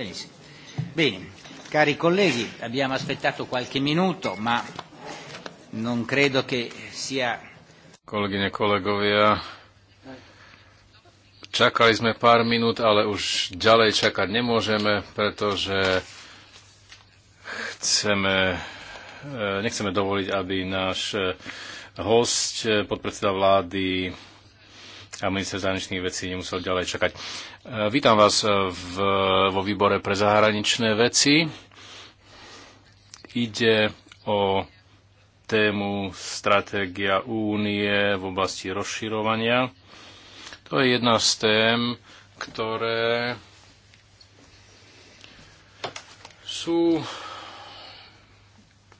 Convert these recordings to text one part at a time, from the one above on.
Benissimo. Bene, cari colleghi, abbiamo aspettato qualche minuto, ma non credo che sia... Kolegyne, kolegovia, čakali sme pár minút, ale už ďalej čakať nemôžeme, pretože chceme, e, nechceme dovoliť, aby náš e, host, e, podpredseda vlády a minister zahraničných vecí nemusel ďalej čakať. E, vítam vás e, v, vo výbore pre zahraničné veci. Ide o tému stratégia únie v oblasti rozširovania. To je jedna z tém, ktoré sú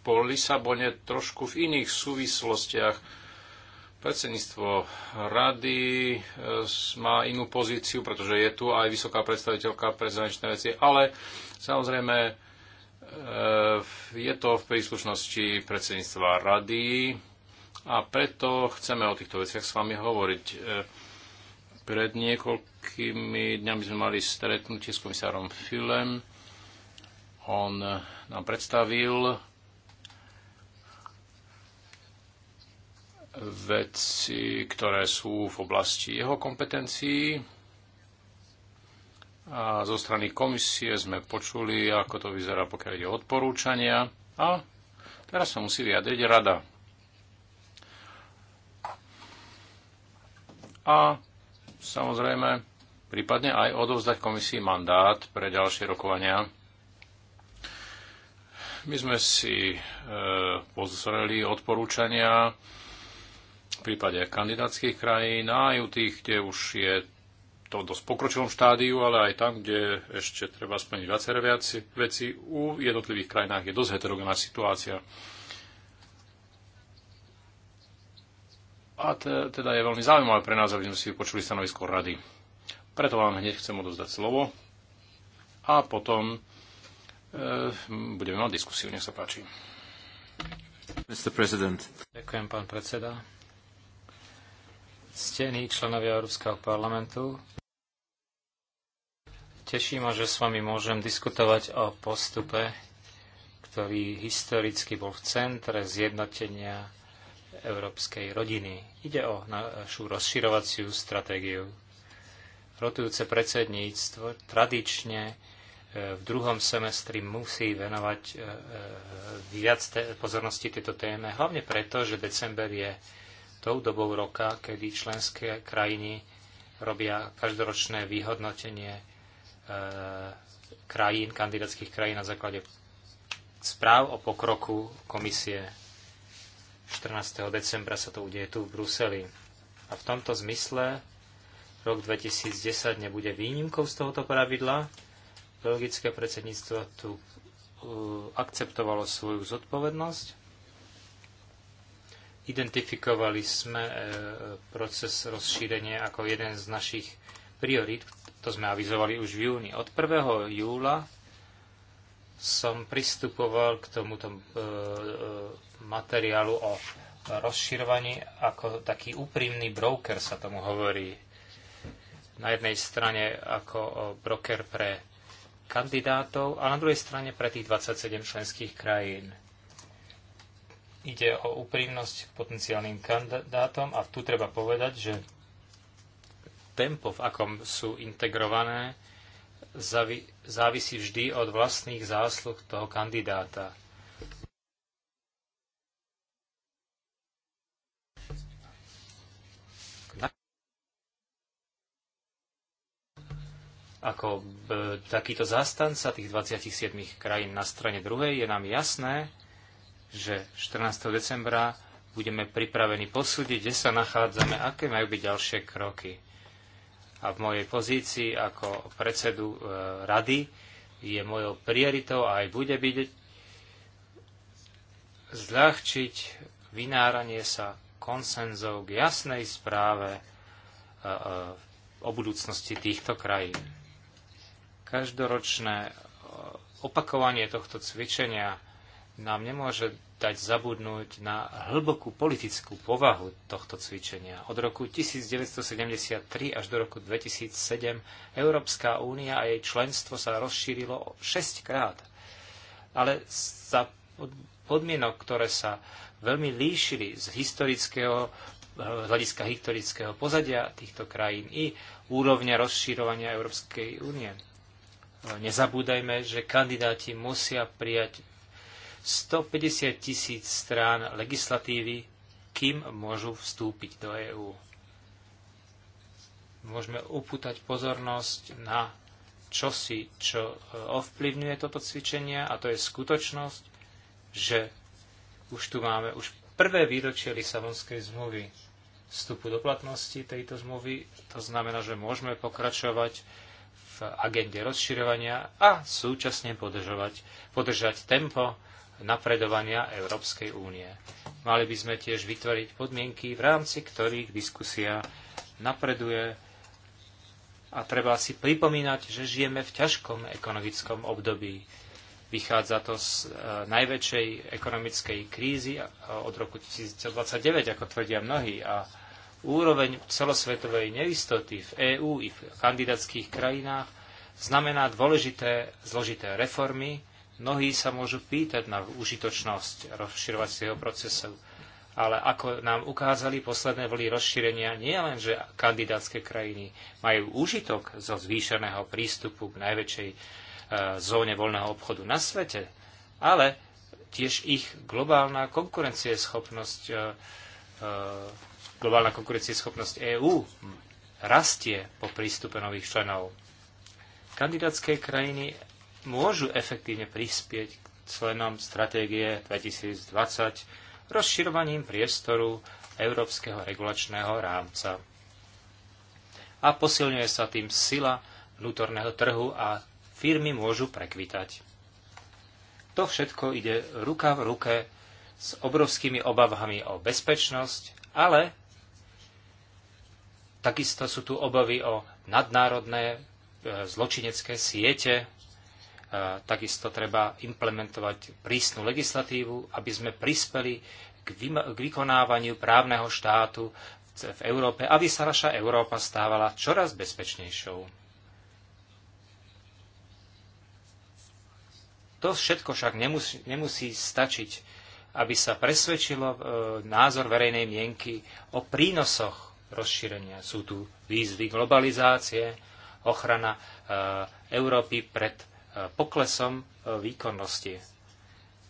po Lisabone trošku v iných súvislostiach Predsedníctvo rady eh, má inú pozíciu, pretože je tu aj vysoká predstaviteľka pre zahraničné veci, ale samozrejme eh, je to v príslušnosti predsedníctva rady a preto chceme o týchto veciach s vami hovoriť. Eh, pred niekoľkými dňami sme mali stretnutie s komisárom Filem. On nám predstavil veci, ktoré sú v oblasti jeho kompetencií. A zo strany komisie sme počuli, ako to vyzerá, pokiaľ ide o odporúčania. A teraz sa musí vyjadriť rada. A samozrejme, prípadne aj odovzdať komisii mandát pre ďalšie rokovania. My sme si e, pozreli odporúčania v prípade kandidátskych krajín a aj u tých, kde už je to dosť pokročilom štádiu, ale aj tam, kde ešte treba splniť viaceré veci. U jednotlivých krajinách je dosť heterogénna situácia. A teda je veľmi zaujímavé pre nás, aby sme si počuli stanovisko rady. Preto vám hneď chcem odozdať slovo a potom e, budeme mať diskusiu. Nech sa páči. Ďakujem, pán predseda. Stení členovia Európskeho parlamentu, teší ma, že s vami môžem diskutovať o postupe, ktorý historicky bol v centre zjednotenia európskej rodiny. Ide o našu rozširovaciu stratégiu. Rotujúce predsedníctvo tradične e, v druhom semestri musí venovať e, e, viac pozornosti tejto téme, hlavne preto, že december je tou dobou roka, kedy členské krajiny robia každoročné vyhodnotenie e, krajín, kandidátskych krajín na základe správ o pokroku komisie. 14. decembra sa to udeje tu v Bruseli. A v tomto zmysle rok 2010 nebude výnimkou z tohoto pravidla. Belgické predsedníctvo tu e, akceptovalo svoju zodpovednosť Identifikovali sme e, proces rozšírenia ako jeden z našich priorít, to sme avizovali už v júni. Od 1. júla som pristupoval k tomuto e, e, materiálu o rozširovaní ako taký úprimný broker sa tomu hovorí. Na jednej strane ako broker pre kandidátov a na druhej strane pre tých 27 členských krajín ide o úprimnosť k potenciálnym kandidátom a tu treba povedať, že tempo, v akom sú integrované, závisí vždy od vlastných zásluh toho kandidáta. Ako e, takýto zastanca tých 27 krajín na strane druhej je nám jasné, že 14. decembra budeme pripravení posúdiť, kde sa nachádzame, aké majú byť ďalšie kroky. A v mojej pozícii ako predsedu e, rady je mojou prioritou a aj bude byť zľahčiť vynáranie sa konsenzov k jasnej správe e, e, o budúcnosti týchto krajín. Každoročné e, opakovanie tohto cvičenia nám nemôže dať zabudnúť na hlbokú politickú povahu tohto cvičenia. Od roku 1973 až do roku 2007 Európska únia a jej členstvo sa rozšírilo 6 krát. Ale za podmienok, ktoré sa veľmi líšili z historického z eh, hľadiska historického pozadia týchto krajín i úrovňa rozširovania Európskej únie. Eh, nezabúdajme, že kandidáti musia prijať 150 tisíc strán legislatívy, kým môžu vstúpiť do EÚ. Môžeme upútať pozornosť na čosi, čo e, ovplyvňuje toto cvičenie a to je skutočnosť, že už tu máme už prvé výročie Lisabonskej zmluvy vstupu do platnosti tejto zmluvy. To znamená, že môžeme pokračovať v agende rozširovania a súčasne podržať tempo napredovania Európskej únie. Mali by sme tiež vytvoriť podmienky, v rámci ktorých diskusia napreduje a treba si pripomínať, že žijeme v ťažkom ekonomickom období. Vychádza to z e, najväčšej ekonomickej krízy e, od roku 2029, ako tvrdia mnohí, a úroveň celosvetovej neistoty v EÚ i v kandidátskych krajinách znamená dôležité zložité reformy, Mnohí sa môžu pýtať na užitočnosť rozširovacieho procesu, ale ako nám ukázali posledné vlny rozšírenia, nie len, že kandidátske krajiny majú úžitok zo zvýšeného prístupu k najväčšej e, zóne voľného obchodu na svete, ale tiež ich globálna konkurencieschopnosť, e, e, globálna konkurencieschopnosť EÚ rastie po prístupe nových členov. Kandidátske krajiny môžu efektívne prispieť k členom stratégie 2020 rozširovaním priestoru Európskeho regulačného rámca. A posilňuje sa tým sila vnútorného trhu a firmy môžu prekvitať. To všetko ide ruka v ruke s obrovskými obavami o bezpečnosť, ale takisto sú tu obavy o nadnárodné e, zločinecké siete, Takisto treba implementovať prísnu legislatívu, aby sme prispeli k, vykonávaniu právneho štátu v Európe, aby sa naša Európa stávala čoraz bezpečnejšou. To všetko však nemusí, nemusí stačiť, aby sa presvedčilo e, názor verejnej mienky o prínosoch rozšírenia. Sú tu výzvy globalizácie, ochrana e, Európy pred poklesom e, výkonnosti.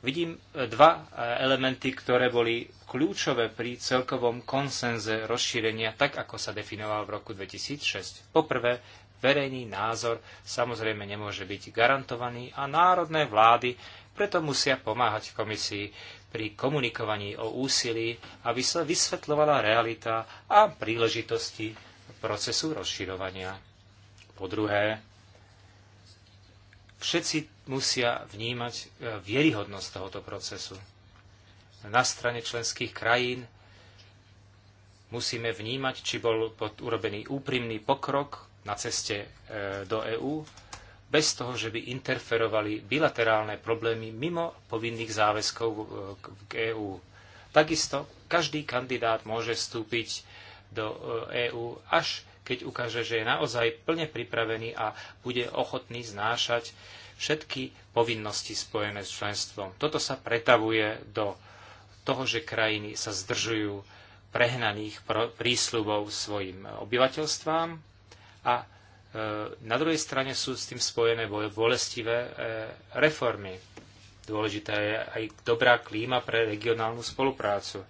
Vidím e, dva e, elementy, ktoré boli kľúčové pri celkovom konsenze rozšírenia, tak ako sa definoval v roku 2006. Poprvé, verejný názor samozrejme nemôže byť garantovaný a národné vlády preto musia pomáhať komisii pri komunikovaní o úsilí, aby sa vysvetľovala realita a príležitosti procesu rozširovania. Po druhé, Všetci musia vnímať e, vieryhodnosť tohoto procesu. Na strane členských krajín musíme vnímať, či bol urobený úprimný pokrok na ceste e, do EÚ, bez toho, že by interferovali bilaterálne problémy mimo povinných záväzkov e, k EÚ. Takisto každý kandidát môže vstúpiť do EÚ až keď ukáže, že je naozaj plne pripravený a bude ochotný znášať všetky povinnosti spojené s členstvom. Toto sa pretavuje do toho, že krajiny sa zdržujú prehnaných prísľubov svojim obyvateľstvám a e, na druhej strane sú s tým spojené bolestivé e, reformy. Dôležitá je aj dobrá klíma pre regionálnu spoluprácu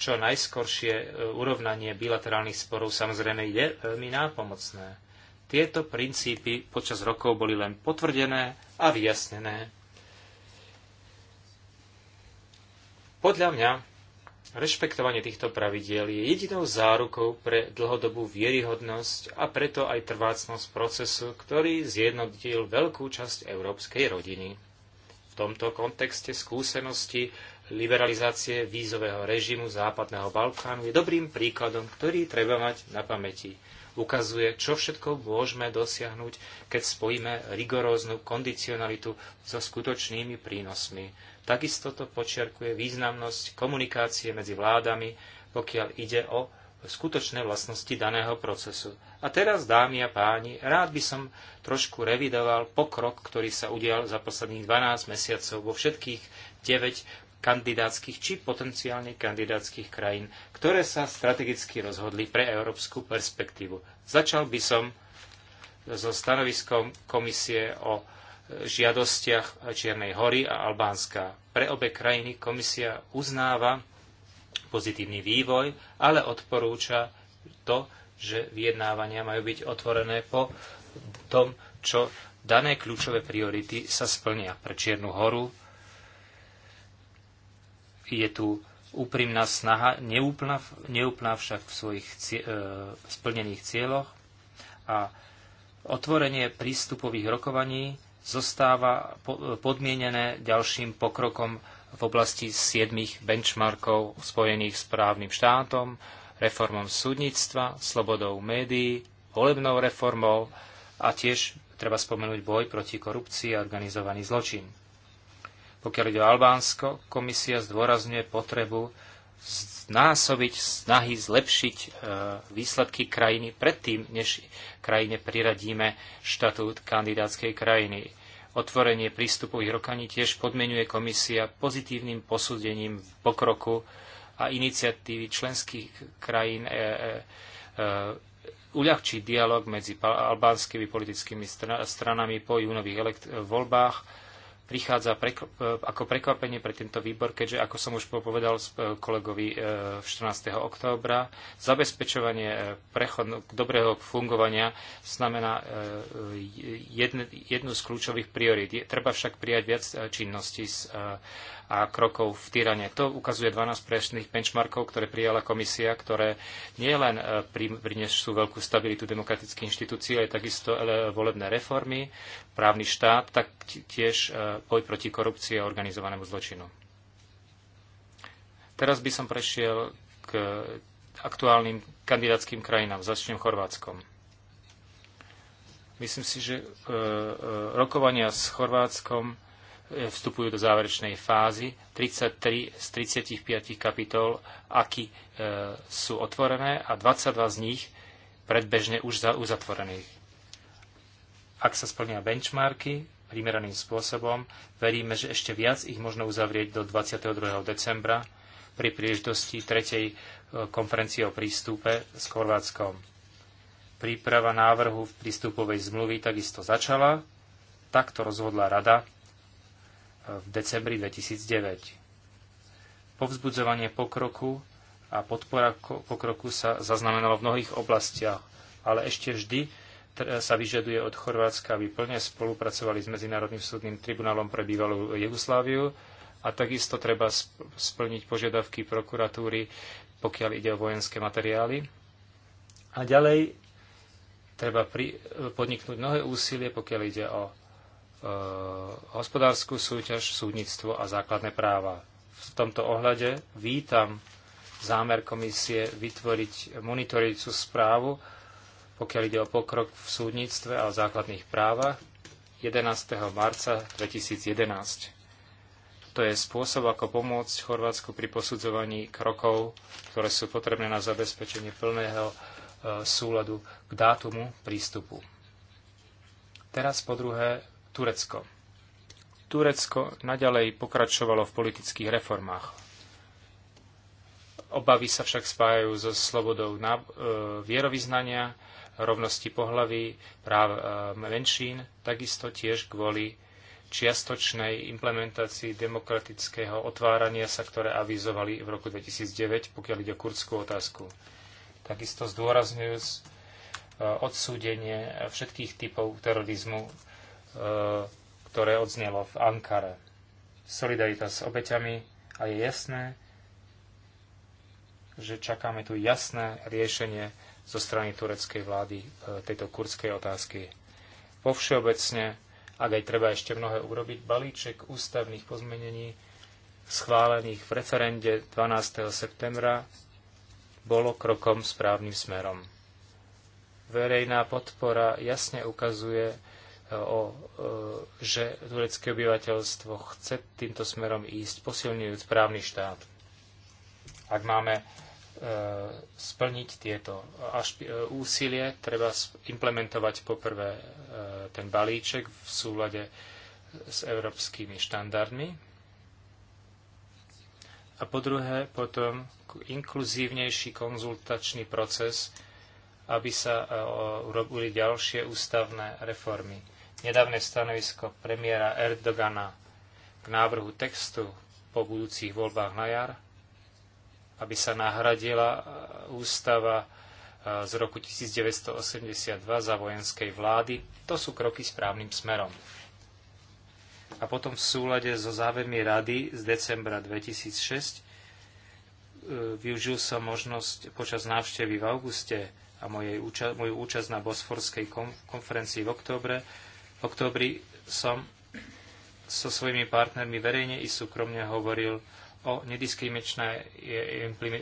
čo najskoršie e, urovnanie bilaterálnych sporov samozrejme je veľmi nápomocné. Tieto princípy počas rokov boli len potvrdené a vyjasnené. Podľa mňa rešpektovanie týchto pravidiel je jedinou zárukou pre dlhodobú vieryhodnosť a preto aj trvácnosť procesu, ktorý zjednotil veľkú časť európskej rodiny. V tomto kontexte skúsenosti liberalizácie vízového režimu Západného Balkánu je dobrým príkladom, ktorý treba mať na pamäti. Ukazuje, čo všetko môžeme dosiahnuť, keď spojíme rigoróznu kondicionalitu so skutočnými prínosmi. Takisto to počiarkuje významnosť komunikácie medzi vládami, pokiaľ ide o skutočné vlastnosti daného procesu. A teraz, dámy a páni, rád by som trošku revidoval pokrok, ktorý sa udial za posledných 12 mesiacov vo všetkých 9 kandidátskych či potenciálne kandidátskych krajín, ktoré sa strategicky rozhodli pre európsku perspektívu. Začal by som so stanoviskom komisie o žiadostiach Čiernej hory a Albánska. Pre obe krajiny komisia uznáva pozitívny vývoj, ale odporúča to, že vyjednávania majú byť otvorené po tom, čo dané kľúčové priority sa splnia pre Čiernu horu je tu úprimná snaha, neúplná, neúplná však v svojich cie, e, splnených cieľoch a otvorenie prístupových rokovaní zostáva e, podmienené ďalším pokrokom v oblasti siedmých benchmarkov spojených s právnym štátom, reformom súdnictva, slobodou médií, volebnou reformou a tiež treba spomenúť boj proti korupcii a organizovaný zločin. Pokiaľ ide o Albánsko, komisia zdôrazňuje potrebu znásobiť snahy zlepšiť e, výsledky krajiny predtým, než krajine priradíme štatút kandidátskej krajiny. Otvorenie prístupových rokaní tiež podmenuje komisia pozitívnym posúdením pokroku a iniciatívy členských krajín e, e, e uľahčí dialog medzi albánskymi politickými stranami po júnových voľbách prichádza preko, e, ako prekvapenie pre tento výbor, keďže, ako som už povedal e, kolegovi 14. E, októbra, zabezpečovanie prechodu no, dobrého fungovania znamená jednu z kľúčových priorít. Treba však prijať viac činností z a krokov v Tyrane. To ukazuje 12 presných benchmarkov, ktoré prijala komisia, ktoré nielen e, prinesú veľkú stabilitu demokratických inštitúcií, ale takisto e, volebné reformy, právny štát, tak tiež e, boj proti korupcii a organizovanému zločinu. Teraz by som prešiel k aktuálnym kandidátským krajinám. Začnem Chorvátskom. Myslím si, že rokovania s Chorvátskom E, vstupujú do záverečnej fázy. 33 z 35 kapitol, aký e, sú otvorené a 22 z nich predbežne už za uzatvorených. Ak sa splnia benchmarky primeraným spôsobom, veríme, že ešte viac ich možno uzavrieť do 22. decembra pri príležitosti tretej e, konferencie o prístupe s Chorvátskom. Príprava návrhu v prístupovej zmluvy takisto začala, takto rozhodla Rada v decembri 2009. Povzbudzovanie pokroku a podpora pokroku sa zaznamenalo v mnohých oblastiach, ale ešte vždy sa vyžaduje od Chorvátska, aby plne spolupracovali s Medzinárodným súdnym tribunálom pre bývalú Jugosláviu a takisto treba splniť požiadavky prokuratúry, pokiaľ ide o vojenské materiály. A ďalej treba podniknúť mnohé úsilie, pokiaľ ide o Eh, hospodárskú súťaž, súdnictvo a základné práva. V tomto ohľade vítam zámer komisie vytvoriť monitorujúcu správu, pokiaľ ide o pokrok v súdnictve a o základných právach 11. marca 2011. To je spôsob, ako pomôcť Chorvátsku pri posudzovaní krokov, ktoré sú potrebné na zabezpečenie plného eh, súladu k dátumu prístupu. Teraz po druhé Turecko. Turecko naďalej pokračovalo v politických reformách. Obavy sa však spájajú so slobodou na, e, vierovýznania, rovnosti pohlaví, práv e, menšín, takisto tiež kvôli čiastočnej implementácii demokratického otvárania sa, ktoré avizovali v roku 2009, pokiaľ ide o kurdskú otázku. Takisto zdôrazňujúc e, odsúdenie všetkých typov terorizmu E, ktoré odznelo v Ankare. Solidarita s obeťami a je jasné, že čakáme tu jasné riešenie zo strany tureckej vlády e, tejto kurdskej otázky. Po všeobecne, ak aj treba ešte mnohé urobiť, balíček ústavných pozmenení schválených v referende 12. septembra bolo krokom správnym smerom. Verejná podpora jasne ukazuje, o, e, že turecké obyvateľstvo chce týmto smerom ísť, posilňujúc právny štát. Ak máme e, splniť tieto e, úsilie, treba implementovať poprvé ten balíček v súlade s európskymi štandardmi a po druhé potom inkluzívnejší konzultačný proces, aby sa urobili ďalšie ústavné reformy. Nedávne stanovisko premiéra Erdogana k návrhu textu po budúcich voľbách na jar, aby sa nahradila e, ústava e, z roku 1982 za vojenskej vlády, to sú kroky správnym smerom. A potom v súlade so závermi rady z decembra 2006 e, využil som možnosť počas návštevy v auguste a mojej, moju účasť na Bosforskej konferencii v októbre v októbri som so svojimi partnermi verejne i súkromne hovoril o nediskriminačnej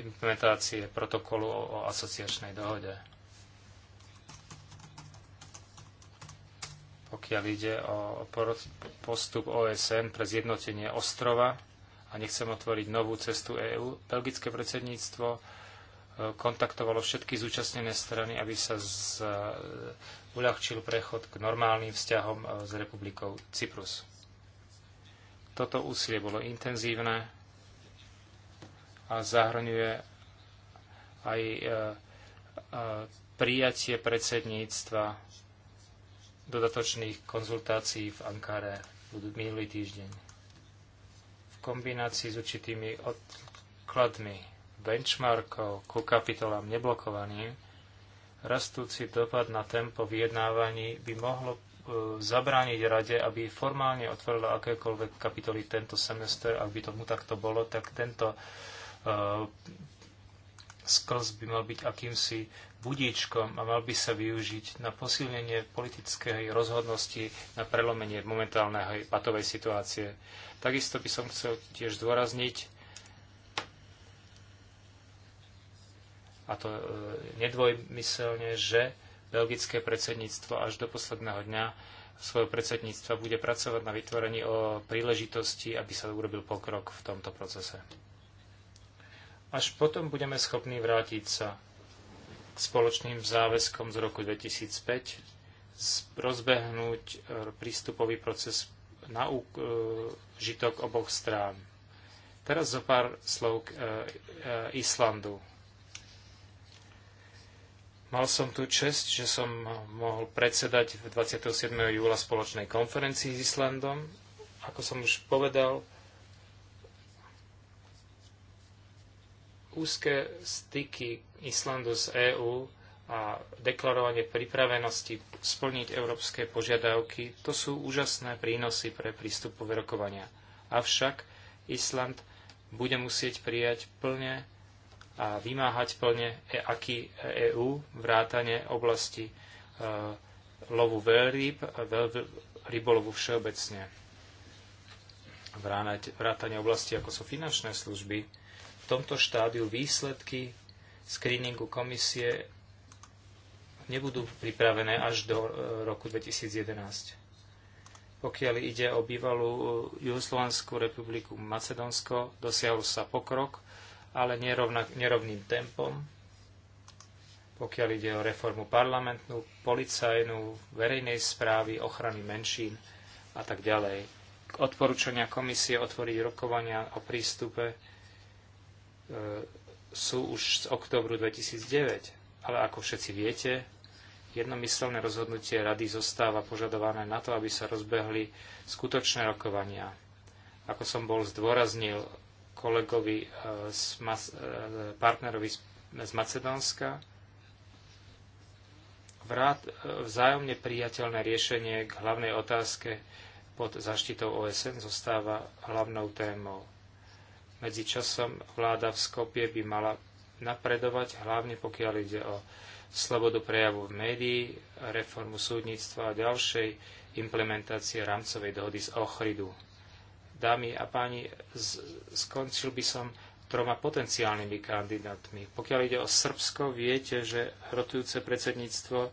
implementácie protokolu o asociačnej dohode. Pokiaľ ide o postup OSN pre zjednotenie ostrova a nechcem otvoriť novú cestu EÚ, belgické predsedníctvo e, kontaktovalo všetky zúčastnené strany, aby sa uľahčil prechod k normálnym vzťahom e, s republikou Cyprus. Toto úsilie bolo intenzívne a zahrňuje aj e, e, prijatie predsedníctva dodatočných konzultácií v Ankare minulý týždeň. V kombinácii s určitými odkladmi benchmarkov ku kapitolám neblokovaným Rastúci dopad na tempo vyjednávaní by mohlo e, zabrániť rade, aby formálne otvorila akékoľvek kapitoly tento semester. Ak by tomu takto bolo, tak tento uh, sklz by mal byť akýmsi budíčkom a mal by sa využiť na posilnenie politickej rozhodnosti, na prelomenie momentálnej patovej situácie. Takisto by som chcel tiež zdôrazniť, a to e, nedvojmyselne, že belgické predsedníctvo až do posledného dňa svojho predsedníctva bude pracovať na vytvorení o príležitosti, aby sa urobil pokrok v tomto procese. Až potom budeme schopní vrátiť sa k spoločným záväzkom z roku 2005, rozbehnúť e, prístupový proces na e, žitok oboch strán. Teraz zo pár slov k Islandu. Mal som tu čest, že som mohol predsedať 27. júla spoločnej konferencii s Islandom. Ako som už povedal, úzke styky Islandu z EÚ a deklarovanie pripravenosti splniť európske požiadavky, to sú úžasné prínosy pre prístupové rokovania. Avšak Island bude musieť prijať plne a vymáhať plne e, aký EÚ vrátane oblasti e, lovu veľryb, a rybolovu všeobecne. Vrátane oblasti, ako sú finančné služby, v tomto štádiu výsledky screeningu komisie nebudú pripravené až do e, roku 2011. Pokiaľ ide o bývalú Juhoslovanskú republiku Macedónsko, dosiahol sa pokrok ale nerovnak, nerovným tempom, pokiaľ ide o reformu parlamentnú, policajnú, verejnej správy, ochrany menšín a tak ďalej. odporúčania komisie otvoriť rokovania o prístupe e, sú už z oktobru 2009, ale ako všetci viete, jednomyselné rozhodnutie rady zostáva požadované na to, aby sa rozbehli skutočné rokovania. Ako som bol zdôraznil, kolegovi, eh, z eh, partnerovi z Macedónska. Vrát, eh, vzájomne priateľné riešenie k hlavnej otázke pod zaštitou OSN zostáva hlavnou témou. Medzičasom vláda v Skopie by mala napredovať, hlavne pokiaľ ide o slobodu prejavu v médií, reformu súdnictva a ďalšej implementácie rámcovej dohody z Ochridu. Dámy a páni, skončil by som troma potenciálnymi kandidátmi. Pokiaľ ide o Srbsko, viete, že rotujúce predsedníctvo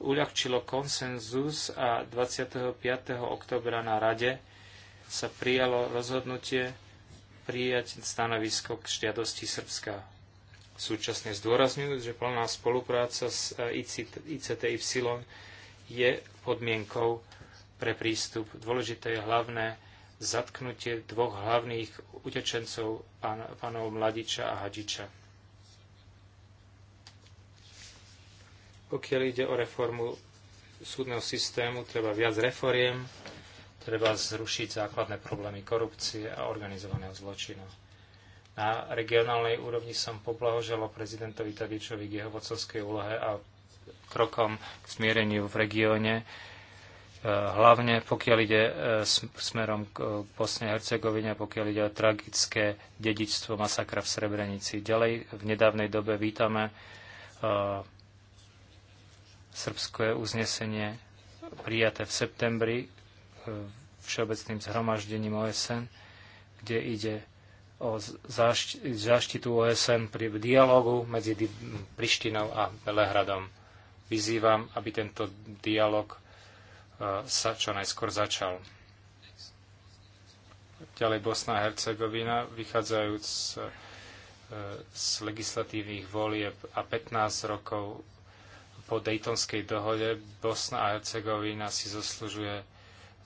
uľahčilo konsenzus a 25. oktobra na Rade sa prijalo rozhodnutie prijať stanovisko k žiadosti Srbska. Súčasne zdôrazňujú, že plná spolupráca s ICTY je podmienkou pre prístup. Dôležité je hlavné zatknutie dvoch hlavných utečencov, pán, pánov Mladiča a Hadiča. Pokiaľ ide o reformu súdneho systému, treba viac reforiem, treba zrušiť základné problémy korupcie a organizovaného zločinu. Na regionálnej úrovni som poblahoželal prezidentovi Tadičovi k jeho vodcovskej úlohe a krokom k smiereniu v regióne, hlavne pokiaľ ide e, smerom k e, Bosne a Hercegovine, pokiaľ ide o tragické dedičstvo masakra v Srebrenici. Ďalej v nedávnej dobe vítame e, srbské uznesenie prijaté v septembri Všeobecným zhromaždením OSN, kde ide o záštitu OSN pri dialogu medzi Prištinou a Belehradom. Vyzývam, aby tento dialog sa čo najskôr začal. Ďalej Bosna a Hercegovina, vychádzajúc e, e, z legislatívnych volieb a 15 rokov po Daytonskej dohode, Bosna a Hercegovina si zaslúžuje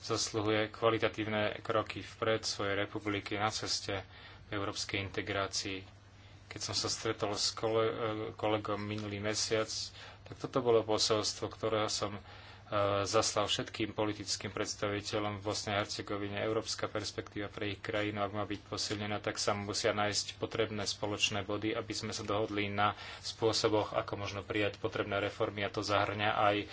zasluhuje kvalitatívne kroky vpred svojej republiky na ceste v európskej integrácii. Keď som sa stretol s e, kolegom minulý mesiac, tak toto bolo posolstvo, ktorého som E, zaslal všetkým politickým predstaviteľom v Bosnej a Hercegovine európska perspektíva pre ich krajinu, ak má byť posilnená, tak sa musia nájsť potrebné spoločné body, aby sme sa dohodli na spôsoboch, ako možno prijať potrebné reformy a to zahrňa aj e,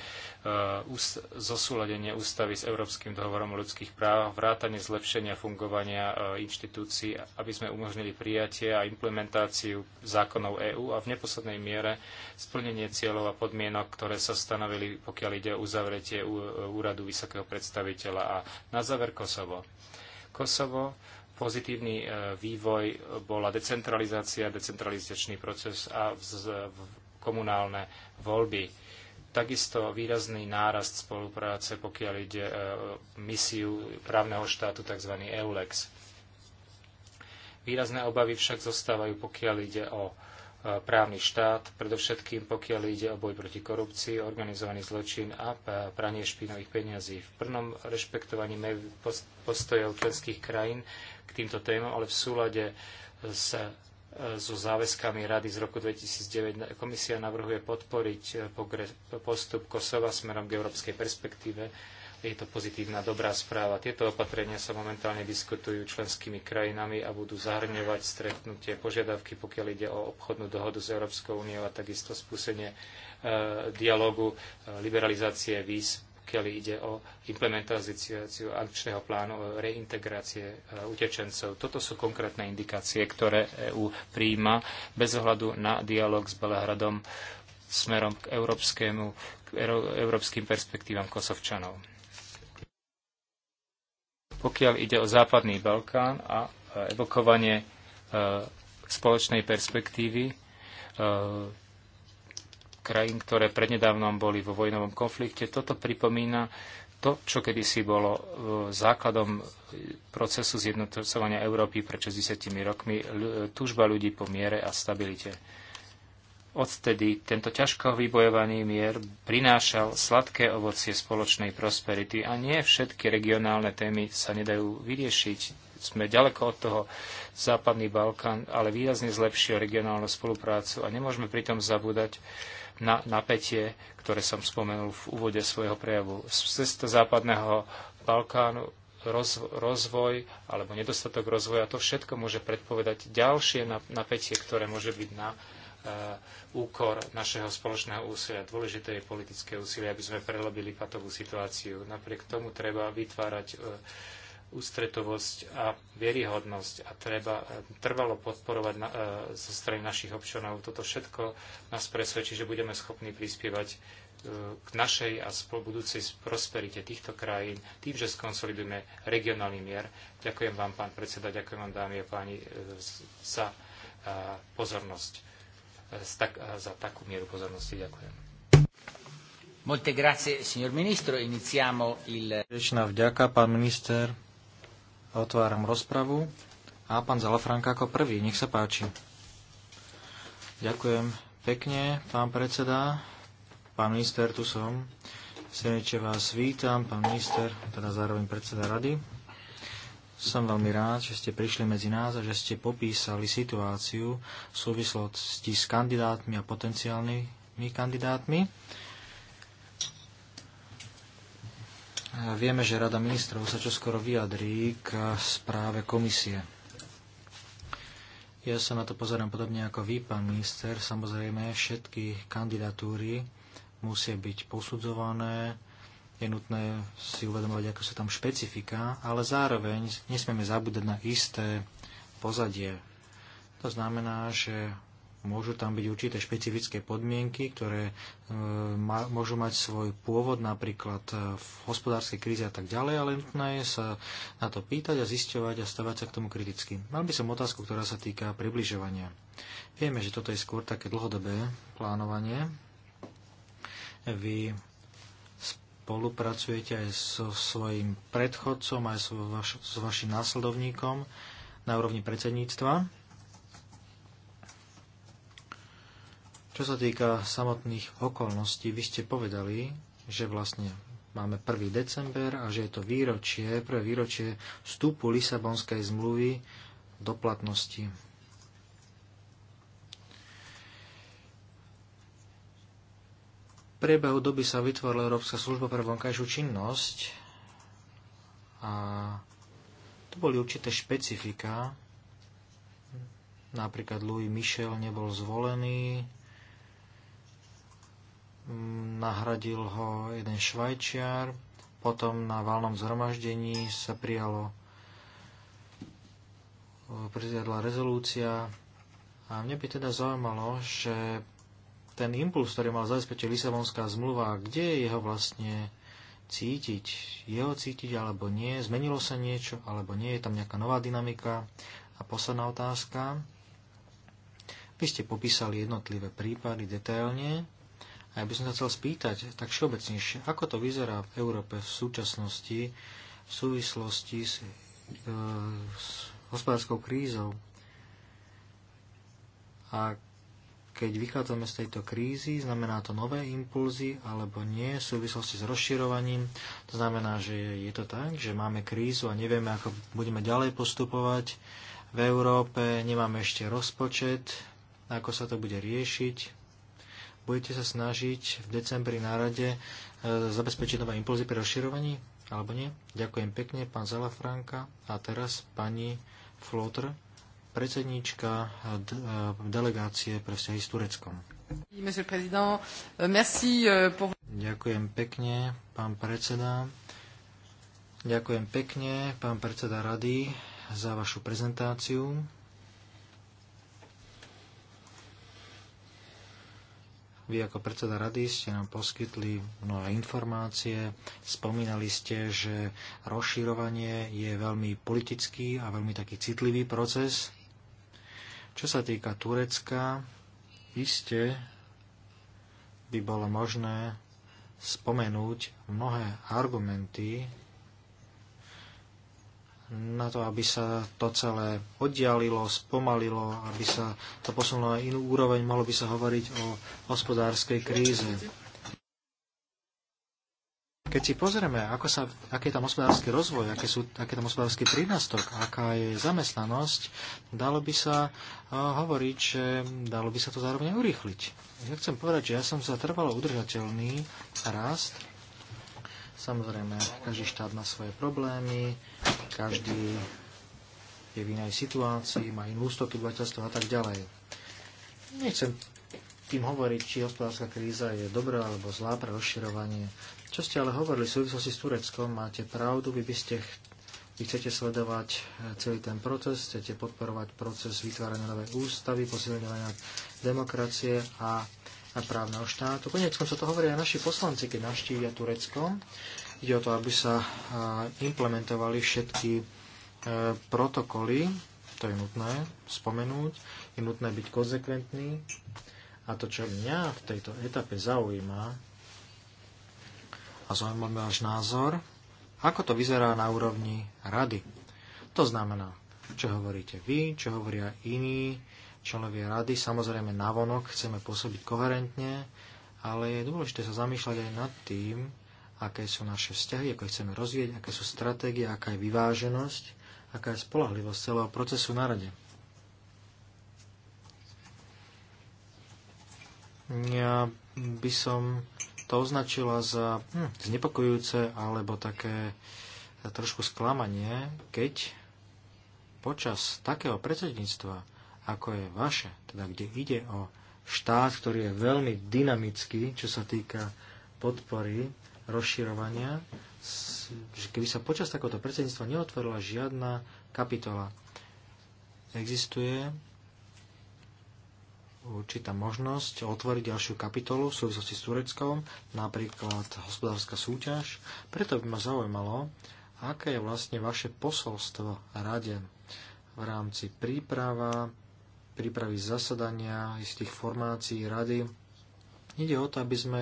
zosúladenie ústavy s Európskym dohovorom o ľudských práv, vrátanie zlepšenia fungovania e, inštitúcií, aby sme umožnili prijatie a implementáciu zákonov EÚ a v neposlednej miere splnenie cieľov a podmienok, ktoré sa stanovili, pokiaľ ide o uzavrenie uzavretie úradu vysokého predstaviteľa. A na záver Kosovo. Kosovo, pozitívny e, vývoj bola decentralizácia, decentralizačný proces a komunálne voľby. Takisto výrazný nárast spolupráce, pokiaľ ide e, misiu právneho štátu, tzv. EULEX. Výrazné obavy však zostávajú, pokiaľ ide o E, právny štát, predovšetkým pokiaľ ide o boj proti korupcii, organizovaný zločin a pranie špinových peňazí. V prvom rešpektovaní postojov členských krajín k týmto témam, ale v súlade s e, so záväzkami Rady z roku 2009 komisia navrhuje podporiť e, postup Kosova smerom k európskej perspektíve je to pozitívna, dobrá správa. Tieto opatrenia sa momentálne diskutujú členskými krajinami a budú zahrňovať stretnutie požiadavky, pokiaľ ide o obchodnú dohodu s Európskou úniou a takisto spúsenie e, dialogu e, liberalizácie víz, pokiaľ ide o implementáciu akčného plánu reintegrácie e, utečencov. Toto sú konkrétne indikácie, ktoré EÚ prijíma bez ohľadu na dialog s Belehradom smerom k k európskym perspektívam kosovčanov pokiaľ ide o Západný Balkán a evokovanie e, spoločnej perspektívy e, krajín, ktoré prednedávnom boli vo vojnovom konflikte. Toto pripomína to, čo kedysi bolo e, základom procesu zjednotovania Európy pred 60 rokmi, túžba ľudí po miere a stabilite. Odvtedy tento ťažko vybojovaný mier prinášal sladké ovocie spoločnej prosperity a nie všetky regionálne témy sa nedajú vyriešiť. Sme ďaleko od toho západný Balkán, ale výrazne zlepšil regionálnu spoluprácu a nemôžeme pritom zabúdať na napätie, ktoré som spomenul v úvode svojho prejavu. Z cesta západného Balkánu rozvoj alebo nedostatok rozvoja, to všetko môže predpovedať ďalšie napätie, ktoré môže byť na úkor našeho spoločného úsilia. Dôležité je politické úsilie, aby sme prelobili patovú situáciu. Napriek tomu treba vytvárať e, ústretovosť a vieryhodnosť a treba e, trvalo podporovať na, e, zo strany našich občanov. Toto všetko nás presvedčí, že budeme schopní prispievať k našej a budúcej prosperite týchto krajín tým, že skonsolidujeme regionálny mier. Ďakujem vám, pán predseda, ďakujem vám, dámy a páni, za pozornosť za takú mieru pozornosti. Ďakujem. Molte grazie, signor ministro. Iniziamo il... Rečná vďaka, pán minister. Otváram rozpravu. A pán Zalafrank ako prvý, nech sa páči. Ďakujem pekne, pán predseda. Pán minister, tu som. Srdečne vás vítam, pán minister, teda zároveň predseda rady. Som veľmi rád, že ste prišli medzi nás a že ste popísali situáciu v súvislosti s kandidátmi a potenciálnymi kandidátmi. Vieme, že Rada ministrov sa čoskoro vyjadrí k správe komisie. Ja sa na to pozerám podobne ako vy, pán minister. Samozrejme, všetky kandidatúry musia byť posudzované je nutné si uvedomovať, ako sa tam špecifika, ale zároveň nesmieme zabúdať na isté pozadie. To znamená, že môžu tam byť určité špecifické podmienky, ktoré e, ma, môžu mať svoj pôvod napríklad e, v hospodárskej kríze a tak ďalej, ale nutné je sa na to pýtať a zisťovať a stavať sa k tomu kriticky. Mal by som otázku, ktorá sa týka približovania. Vieme, že toto je skôr také dlhodobé plánovanie. Vy spolupracujete aj so svojím predchodcom, aj so, vaš, so vašim následovníkom na úrovni predsedníctva. Čo sa týka samotných okolností, vy ste povedali, že vlastne máme 1. december a že je to výročie, prvé výročie vstupu Lisabonskej zmluvy do platnosti. priebehu doby sa vytvorila Európska služba pre vonkajšiu činnosť a tu boli určité špecifika. Napríklad Louis Michel nebol zvolený, mm, nahradil ho jeden švajčiar, potom na valnom zhromaždení sa prijalo e, prizadla rezolúcia a mne by teda zaujímalo, že ten impuls, ktorý mal zabezpečiť Lisabonská zmluva, kde je jeho vlastne cítiť? Je ho cítiť alebo nie? Zmenilo sa niečo alebo nie? Je tam nejaká nová dynamika? A posledná otázka. Vy ste popísali jednotlivé prípady detailne. A ja by som sa chcel spýtať tak všeobecnejšie, ako to vyzerá v Európe v súčasnosti v súvislosti s, e, s hospodárskou krízou? Ak keď vychádzame z tejto krízy, znamená to nové impulzy alebo nie v súvislosti s rozširovaním. To znamená, že je to tak, že máme krízu a nevieme, ako budeme ďalej postupovať v Európe, nemáme ešte rozpočet, ako sa to bude riešiť. Budete sa snažiť v decembri na rade e, zabezpečiť nové impulzy pri rozširovaní? Alebo nie? Ďakujem pekne, pán Zala Franka. A teraz pani Flotr predsedníčka e, delegácie pre vzťahy s Tureckom. Euh, euh, Ďakujem pekne, pán predseda. Ďakujem pekne, pán predseda rady, za vašu prezentáciu. Vy ako predseda rady ste nám poskytli mnohé informácie. Spomínali ste, že rozširovanie je veľmi politický a veľmi taký citlivý proces. Čo sa týka Turecka, iste by bolo možné spomenúť mnohé argumenty na to, aby sa to celé oddialilo, spomalilo, aby sa to posunulo na inú úroveň, mohlo by sa hovoriť o hospodárskej kríze. Keď si pozrieme, ako sa, aký je tam hospodársky rozvoj, aké sú, aký je tam hospodársky prínastok, aká je zamestnanosť, dalo by sa uh, hovoriť, že dalo by sa to zároveň urýchliť. Ja chcem povedať, že ja som za trvalo udržateľný rast. Samozrejme, každý štát má svoje problémy, každý je v inej situácii, má inú ústoky obyvateľstva a tak ďalej. Nechcem tým hovoriť, či hospodárska kríza je dobrá alebo zlá pre rozširovanie čo ste ale hovorili v súvislosti s Tureckom, máte pravdu, vy by ste vy chcete sledovať eh, celý ten proces, chcete podporovať proces vytvárania novej ústavy, posilňovania demokracie a, a právneho štátu. Koneckom sa to hovoria aj naši poslanci, keď navštívia Turecko. Ide o to, aby sa eh, implementovali všetky eh, protokoly, to je nutné spomenúť, je nutné byť konzekventný. A to, čo mňa v tejto etape zaujíma, a zaujímal by váš názor, ako to vyzerá na úrovni rady. To znamená, čo hovoríte vy, čo hovoria iní členovia rady. Samozrejme, navonok chceme pôsobiť koherentne, ale je dôležité sa zamýšľať aj nad tým, aké sú naše vzťahy, ako ich chceme rozvieť, aké sú stratégie, aká je vyváženosť, aká je spolahlivosť celého procesu na rade. Ja by som to označila za hm, znepokojujúce alebo také trošku sklamanie, keď počas takého predsedníctva, ako je vaše, teda kde ide o štát, ktorý je veľmi dynamický, čo sa týka podpory, rozširovania, keby sa počas takéhoto predsedníctva neotvorila žiadna kapitola. Existuje určitá možnosť otvoriť ďalšiu kapitolu v súvislosti s Tureckom, napríklad hospodárska súťaž. Preto by ma zaujímalo, aké je vlastne vaše posolstvo rade v rámci príprava, prípravy zasadania istých formácií rady. Ide o to, aby sme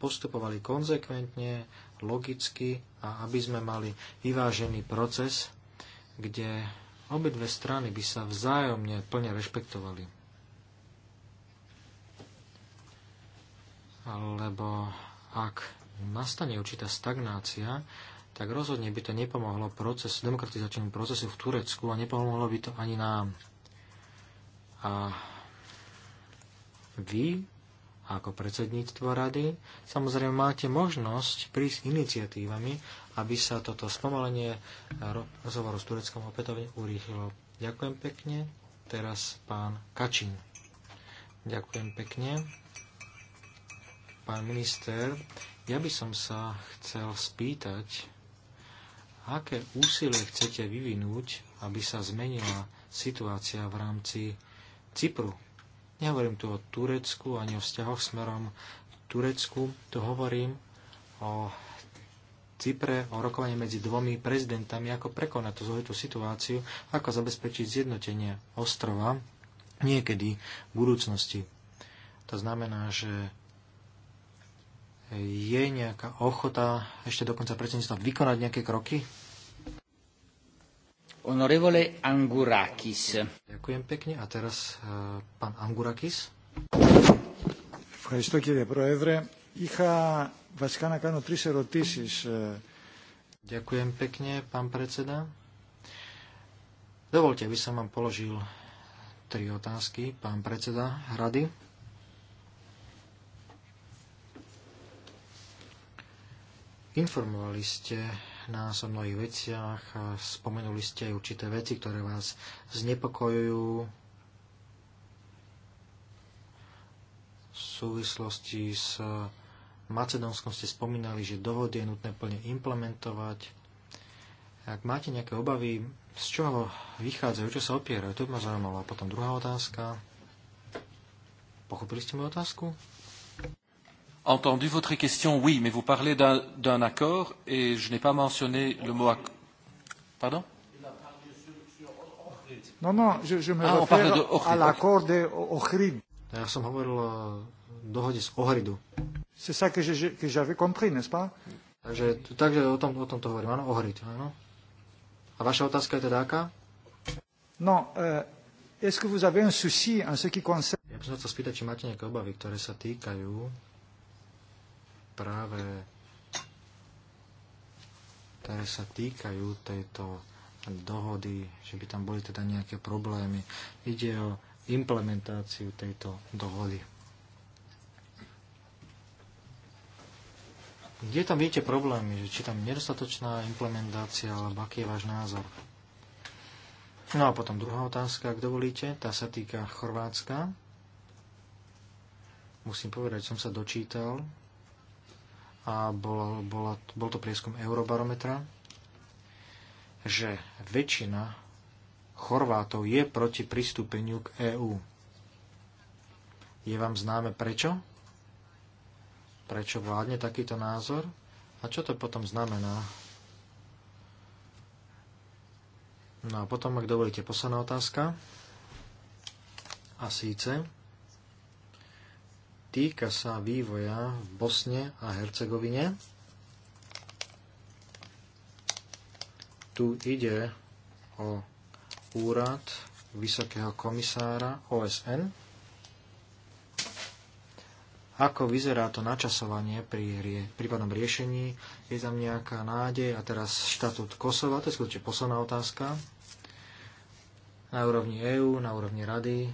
postupovali konzekventne, logicky a aby sme mali vyvážený proces, kde obidve strany by sa vzájomne plne rešpektovali. Lebo ak nastane určitá stagnácia, tak rozhodne by to nepomohlo proces, demokratizačnému procesu v Turecku a nepomohlo by to ani nám. A vy, ako predsedníctvo rady, samozrejme máte možnosť prísť iniciatívami, aby sa toto spomalenie rozhovoru s Tureckom opätovne urýchlilo. Ďakujem pekne. Teraz pán Kačín. Ďakujem pekne pán minister, ja by som sa chcel spýtať, aké úsilie chcete vyvinúť, aby sa zmenila situácia v rámci Cypru. Nehovorím tu o Turecku ani o vzťahoch smerom Turecku, to hovorím o Cypre o rokovanie medzi dvomi prezidentami, ako prekonať tú zložitú situáciu, ako zabezpečiť zjednotenie ostrova niekedy v budúcnosti. To znamená, že je nejaká ochota ešte dokonca predsedníctva vykonať nejaké kroky? Honorevole Angurakis. Ďakujem pekne. A teraz uh, pán Angurakis. Ďakujem pekne, pán predseda. Dovolte, aby som vám položil tri otázky, pán predseda Rady. Informovali ste nás o mnohých veciach a spomenuli ste aj určité veci, ktoré vás znepokojujú v súvislosti s Macedónskom ste spomínali, že dohody je nutné plne implementovať. Ak máte nejaké obavy, z čoho vychádzajú, čo sa opierajú, to by ma zaujímalo. A potom druhá otázka. Pochopili ste moju otázku? entendu votre question, oui, mais vous parlez d'un accord et je n'ai pas mentionné le mot accord. Pardon Non, non, je, je me ah, réfère de Ohrid. Ja som hovoril o C'est ça que j'avais compris, n'est-ce pas? Takže, takže o, tom, o tom to hovorím, áno, Ohrid, áno. A vaša otázka je teda aká? No, euh, est-ce que vous avez un souci en ce qui concerne... Ja by som sa spýtať, či máte nejaké obavy, ktoré sa týkajú práve ktoré sa týkajú tejto dohody, že by tam boli teda nejaké problémy. Ide o implementáciu tejto dohody. Kde tam vidíte problémy? Že či tam nedostatočná implementácia, alebo aký je váš názor? No a potom druhá otázka, ak dovolíte, tá sa týka Chorvátska. Musím povedať, som sa dočítal, a bola, bola, bol to prieskum Eurobarometra, že väčšina Chorvátov je proti pristúpeniu k EÚ. Je vám známe prečo? Prečo vládne takýto názor? A čo to potom znamená? No a potom, ak dovolíte, posledná otázka. A síce, týka sa vývoja v Bosne a Hercegovine. Tu ide o úrad vysokého komisára OSN. Ako vyzerá to načasovanie pri prípadnom riešení? Je tam nejaká nádej? A teraz štatút Kosova, to je skutočne posledná otázka. Na úrovni EÚ, na úrovni Rady,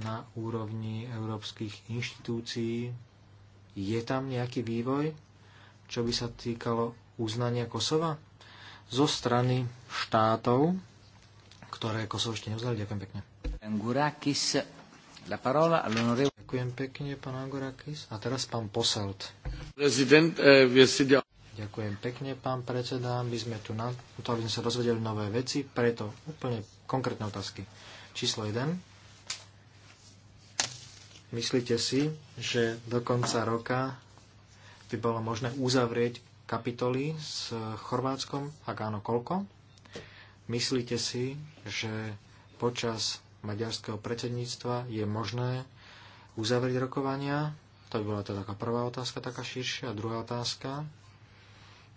na úrovni európskych inštitúcií? Je tam nejaký vývoj, čo by sa týkalo uznania Kosova? Zo strany štátov, ktoré Kosovo ešte neuznali. Ďakujem pekne. Angurakis, la parola all'onorevole. Ďakujem pekne, pán Angurakis. A teraz pán Poselt. Prezident, eh, Ďakujem pekne, pán predseda. My sme tu na to, aby sme sa dozvedeli nové veci, preto úplne konkrétne otázky. Číslo 1 Myslíte si, že do konca roka by bolo možné uzavrieť kapitoly s Chorvátskom? Ak áno, koľko? Myslíte si, že počas maďarského predsedníctva je možné uzavrieť rokovania? To by bola teda taká prvá otázka, taká širšia. A druhá otázka.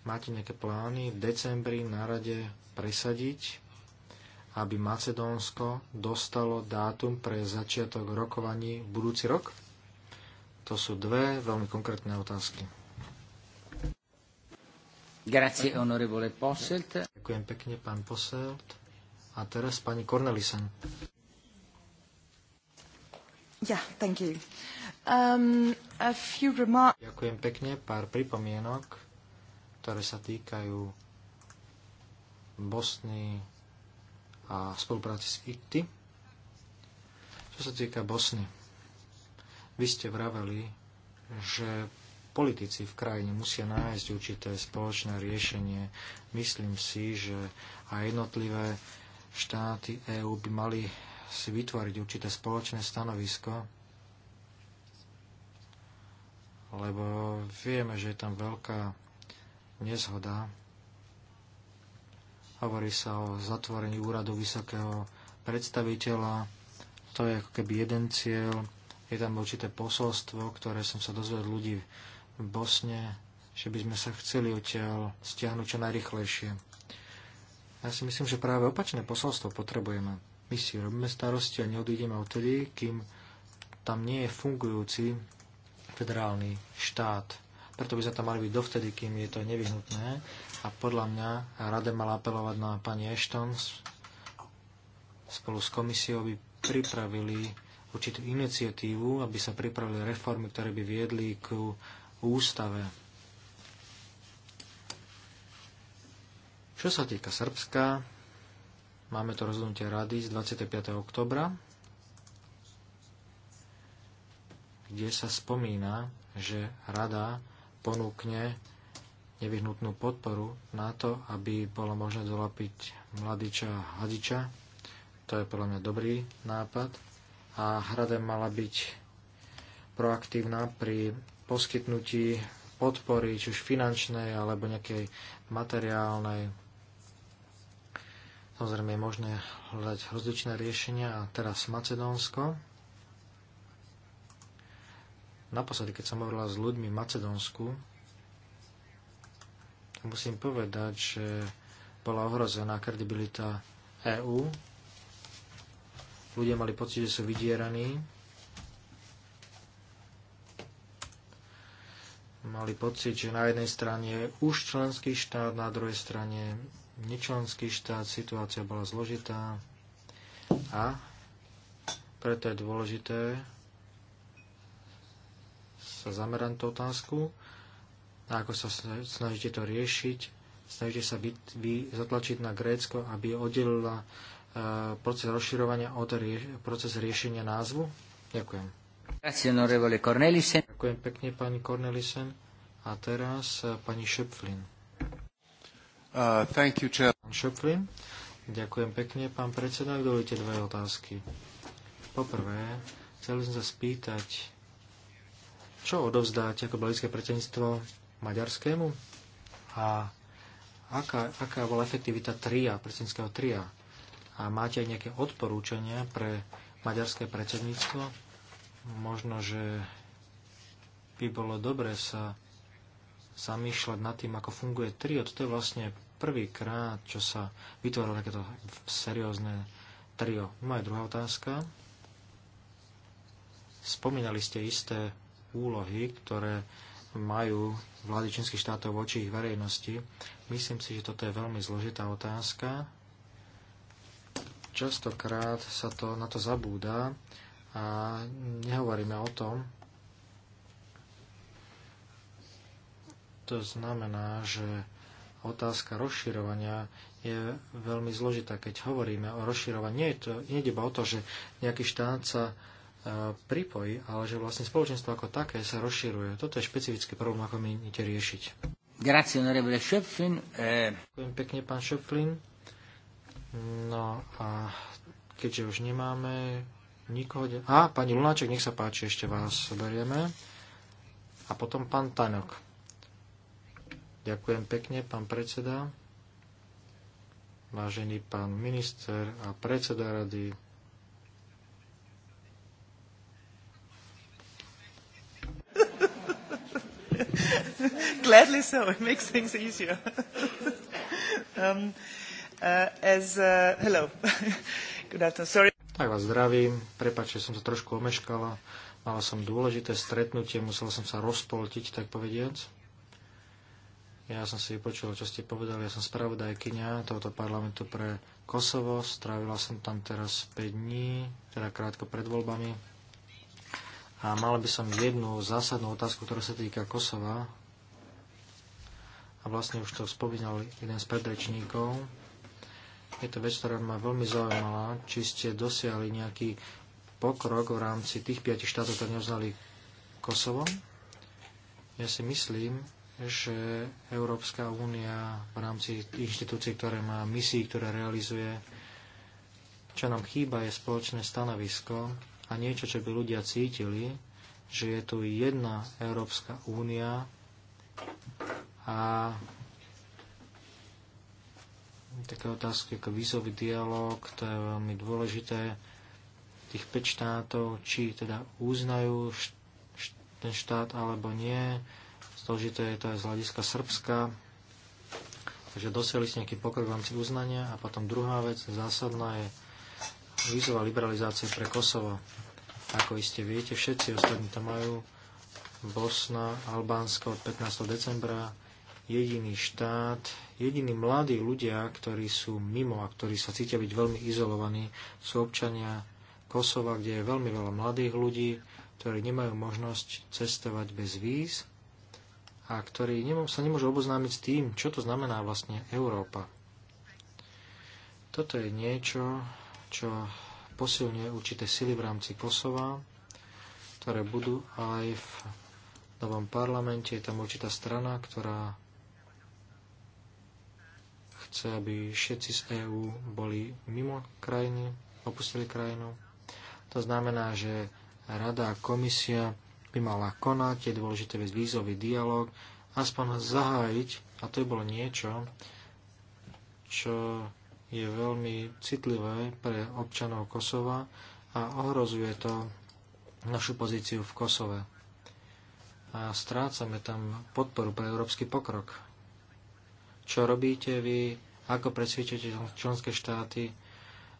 Máte nejaké plány v decembri na rade presadiť aby Macedónsko dostalo dátum pre začiatok rokovaní budúci rok? To sú dve veľmi konkrétne otázky. Grazie, onorevole Posselt. Ďakujem pekne, pán Posselt. A teraz pani Cornelisen. Yeah, thank you. Um, a few remark- Ďakujem pekne, pár pripomienok, ktoré sa týkajú Bosny, a spolupráci s ICTY. Čo sa týka Bosny, vy ste vraveli, že politici v krajine musia nájsť určité spoločné riešenie. Myslím si, že aj jednotlivé štáty EÚ by mali si vytvoriť určité spoločné stanovisko, lebo vieme, že je tam veľká nezhoda Hovorí sa o zatvorení úradu vysokého predstaviteľa. To je ako keby jeden cieľ. Je tam určité posolstvo, ktoré som sa dozvedel ľudí v Bosne, že by sme sa chceli odtiaľ stiahnuť čo najrychlejšie. Ja si myslím, že práve opačné posolstvo potrebujeme. My si robíme starosti a neodídeme odtedy, kým tam nie je fungujúci federálny štát preto by sme tam mali byť dovtedy, kým je to nevyhnutné. A podľa mňa rada mala apelovať na pani Ashton spolu s komisiou, aby pripravili určitú iniciatívu, aby sa pripravili reformy, ktoré by viedli k ústave. Čo sa týka Srbska, máme to rozhodnutie rady z 25. oktobra, kde sa spomína, že rada ponúkne nevyhnutnú podporu na to, aby bolo možné dolapiť mladiča a hadiča. To je podľa mňa dobrý nápad. A hrada mala byť proaktívna pri poskytnutí podpory, či už finančnej alebo nejakej materiálnej. Samozrejme je možné hľadať rozličné riešenia a teraz Macedónsko. Naposledy, keď som hovorila s ľuďmi v Macedónsku, musím povedať, že bola ohrozená kredibilita EÚ. Ľudia mali pocit, že sú vydieraní. Mali pocit, že na jednej strane je už členský štát, na druhej strane nečlenský štát, situácia bola zložitá a preto je dôležité, sa zamerať na tú otázku a ako sa snažíte to riešiť. Snažíte sa vy, vy zatlačiť na Grécko, aby oddelila e, proces rozširovania od rieš- proces riešenia názvu? Ďakujem. Ďakujem pekne, pani Cornelisen. A teraz e, pani Šöpflin. Uh, thank you, chair. Pán Šöpflin. Ďakujem pekne, pán predseda. Dovolite dve otázky. Poprvé, chcel som sa spýtať čo odovzdáte ako belgické predsedníctvo maďarskému a aká, aká bola efektivita tria, predsedníckého tria a máte aj nejaké odporúčania pre maďarské predsedníctvo? Možno, že by bolo dobre sa zamýšľať nad tým, ako funguje trio. To je vlastne prvýkrát, čo sa vytvorilo takéto seriózne trio. Moja druhá otázka. Spomínali ste isté úlohy, ktoré majú vlády čínskych štátov voči ich verejnosti. Myslím si, že toto je veľmi zložitá otázka. Častokrát sa to na to zabúda a nehovoríme o tom. To znamená, že otázka rozširovania je veľmi zložitá. Keď hovoríme o rozširovaní, nie je to nie je iba o to, že nejaký štát sa pripojí, ale že vlastne spoločenstvo ako také sa rozširuje. Toto je špecifický problém, ako my idete riešiť. Grazie, onorevole Schöpflin. Eh, Ďakujem pekne, pán Schöpflin. No a keďže už nemáme nikoho... De- Á, pani Lunáček, nech sa páči, ešte vás berieme. A potom pán Tanok. Ďakujem pekne, pán predseda. Vážený pán minister a predseda rady, Gladly so. It makes things easier. um, uh, as, uh, hello. Good afternoon. Sorry. Tak vás zdravím. Prepač, že som sa trošku omeškala. Mala som dôležité stretnutie, musela som sa rozpoltiť, tak povediac. Ja som si vypočul, čo ste povedali. Ja som spravodajkynia tohoto parlamentu pre Kosovo. Strávila som tam teraz 5 dní, teda krátko pred voľbami. A mal by som jednu zásadnú otázku, ktorá sa týka Kosova. A vlastne už to spomínal jeden z predrečníkov. Je to vec, ktorá ma veľmi zaujímala, či ste dosiahli nejaký pokrok v rámci tých piatich štátov, ktoré neuznali Kosovo. Ja si myslím, že Európska únia v rámci inštitúcií, ktoré má misií, ktoré realizuje, čo nám chýba, je spoločné stanovisko a niečo, čo by ľudia cítili, že je tu jedna Európska únia a také otázky ako vízový dialog, to je veľmi dôležité. Tých 5 štátov, či teda uznajú ten štát alebo nie. Zložité je to aj z hľadiska Srbska. Takže dosiahli ste nejaký pokrok v rámci uznania. A potom druhá vec, zásadná je vízová liberalizácia pre Kosovo. Ako iste viete, všetci ostatní to majú. Bosna, Albánsko od 15. decembra, jediný štát, jediní mladí ľudia, ktorí sú mimo a ktorí sa cítia byť veľmi izolovaní, sú občania Kosova, kde je veľmi veľa mladých ľudí, ktorí nemajú možnosť cestovať bez víz a ktorí sa nemôžu oboznámiť s tým, čo to znamená vlastne Európa. Toto je niečo, čo posilňuje určité sily v rámci Kosova, ktoré budú aj v novom parlamente. Je tam určitá strana, ktorá chce, aby všetci z EÚ boli mimo krajiny, opustili krajinu. To znamená, že rada a komisia by mala konať, je dôležité viesť vízový dialog, aspoň zahájiť, a to je bolo niečo, čo je veľmi citlivé pre občanov Kosova a ohrozuje to našu pozíciu v Kosove. A strácame tam podporu pre európsky pokrok. Čo robíte vy, ako presviečate členské štáty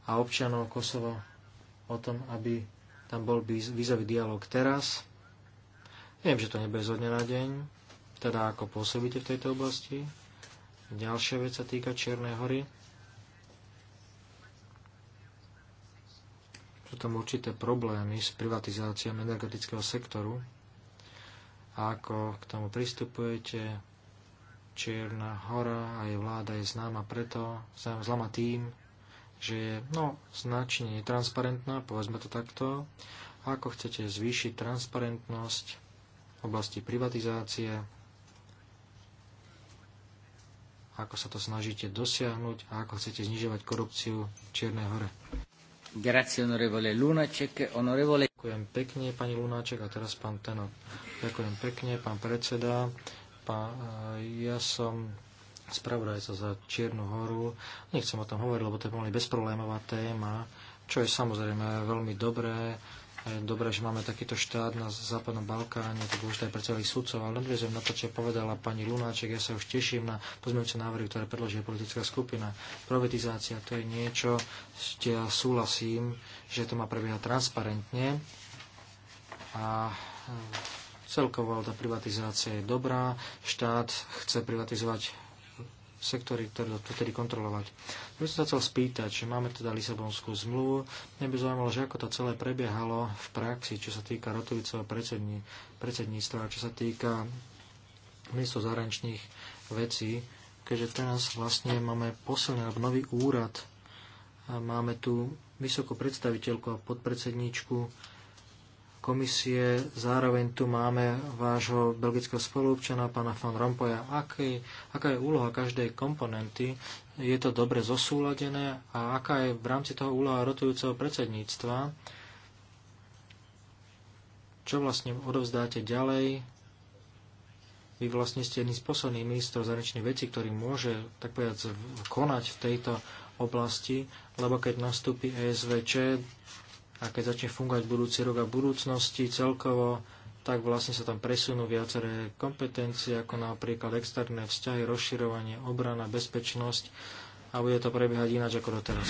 a občanov Kosova o tom, aby tam bol vízový dialog teraz. Viem, že to nebude zo dňa na deň, teda ako pôsobíte v tejto oblasti. Ďalšia vec sa týka Čiernej hory. sú tam určité problémy s privatizáciami energetického sektoru. A ako k tomu pristupujete, Čierna hora a jej vláda je známa preto, známa tým, že je no, značne netransparentná, povedzme to takto. A ako chcete zvýšiť transparentnosť v oblasti privatizácie, ako sa to snažíte dosiahnuť a ako chcete znižovať korupciu v Čiernej hore. Ďakujem pekne, pani Lunáček, a teraz pán Tenok. Ďakujem pekne, pán predseda. Pán, eh, ja som spravodajca za Čiernu horu. Nechcem o tom hovoriť, lebo to je veľmi bezproblémová téma, čo je samozrejme veľmi dobré je dobré, že máme takýto štát na Západnom Balkáne, to už aj pre celých sudcov. Ale nadviezem na to, čo povedala pani Lunáček, ja sa už teším na pozmeňujúce návrhy, ktoré predloží politická skupina. Privatizácia to je niečo, ja súhlasím, že to má prebiehať transparentne. A e, celkovo tá privatizácia je dobrá. Štát chce privatizovať sektory, ktoré to vtedy kontrolovať. Ja som sa chcel spýtať, že máme teda Lisabonskú zmluvu. Mňa by zaujímalo, že ako to celé prebiehalo v praxi, čo sa týka rotujúceho predsední, predsedníctva, čo sa týka ministrov zahraničných vecí, keďže teraz vlastne máme posilný alebo nový úrad a máme tu vysokú predstaviteľku a podpredsedníčku komisie. Zároveň tu máme vášho belgického spolupčana, pána van Rompoja. Aký, aká je úloha každej komponenty? Je to dobre zosúladené? A aká je v rámci toho úloha rotujúceho predsedníctva? Čo vlastne odovzdáte ďalej? Vy vlastne ste jedný z posledných ministrov zahraničných vecí, ktorý môže, tak povedať, konať v tejto oblasti, lebo keď nastúpi ESVČ, a keď začne fungovať budúci rok a budúcnosti celkovo, tak vlastne sa tam presunú viaceré kompetencie, ako napríklad externé vzťahy, rozširovanie, obrana, bezpečnosť a bude to prebiehať ináč ako doteraz.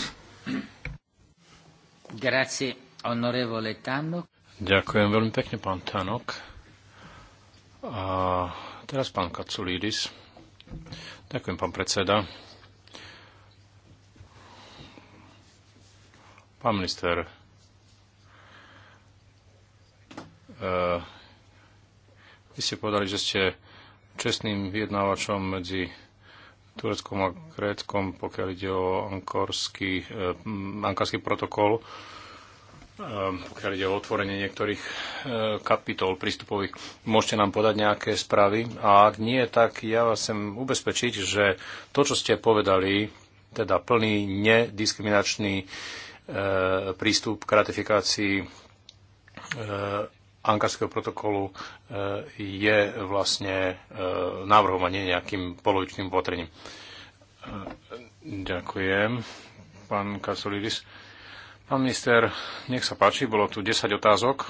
Ďakujem veľmi pekne, pán Tanok. A teraz pán Kaculidis. Ďakujem, pán predseda. Pán minister, Eh, vy ste povedali, že ste čestným vyjednávačom medzi Tureckom a Gréckom, pokiaľ ide o ankorský, eh, ankorský protokol, eh, pokiaľ ide o otvorenie niektorých kapitol prístupových. Môžete nám podať nejaké správy? A ak nie, tak ja vás chcem ubezpečiť, že to, čo ste povedali, teda plný nediskriminačný prístup k ratifikácii ankarského protokolu e, je vlastne e, návrhom a nie nejakým polovičným potrením. E, ďakujem, pán Kasolidis. Pán minister, nech sa páči, bolo tu 10 otázok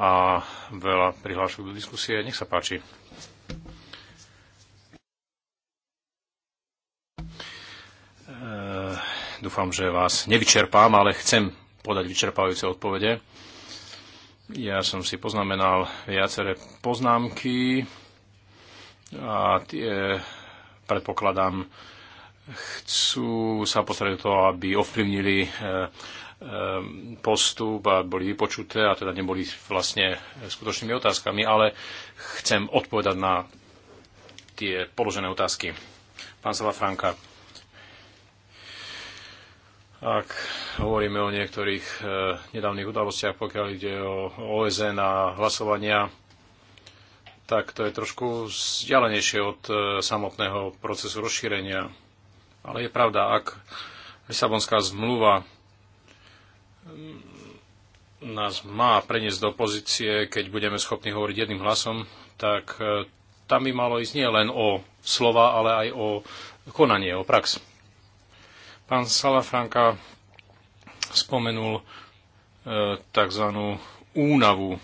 a veľa prihlášok do diskusie. Nech sa páči. Dúfam, že vás nevyčerpám, ale chcem podať vyčerpávajúce odpovede ja som si poznamenal viaceré poznámky a tie, predpokladám, chcú sa postarať o to, aby ovplyvnili e, e, postup a boli vypočuté a teda neboli vlastne skutočnými otázkami, ale chcem odpovedať na tie položené otázky. Pán Sava Franka, ak hovoríme o niektorých e, nedávnych udalostiach, pokiaľ ide o OSN a hlasovania, tak to je trošku vzdialenejšie od e, samotného procesu rozšírenia. Ale je pravda, ak Lisabonská zmluva mm, nás má preniesť do pozície, keď budeme schopní hovoriť jedným hlasom, tak e, tam by malo ísť nie len o slova, ale aj o konanie, o prax. Pán Salafranka spomenul e, tzv. únavu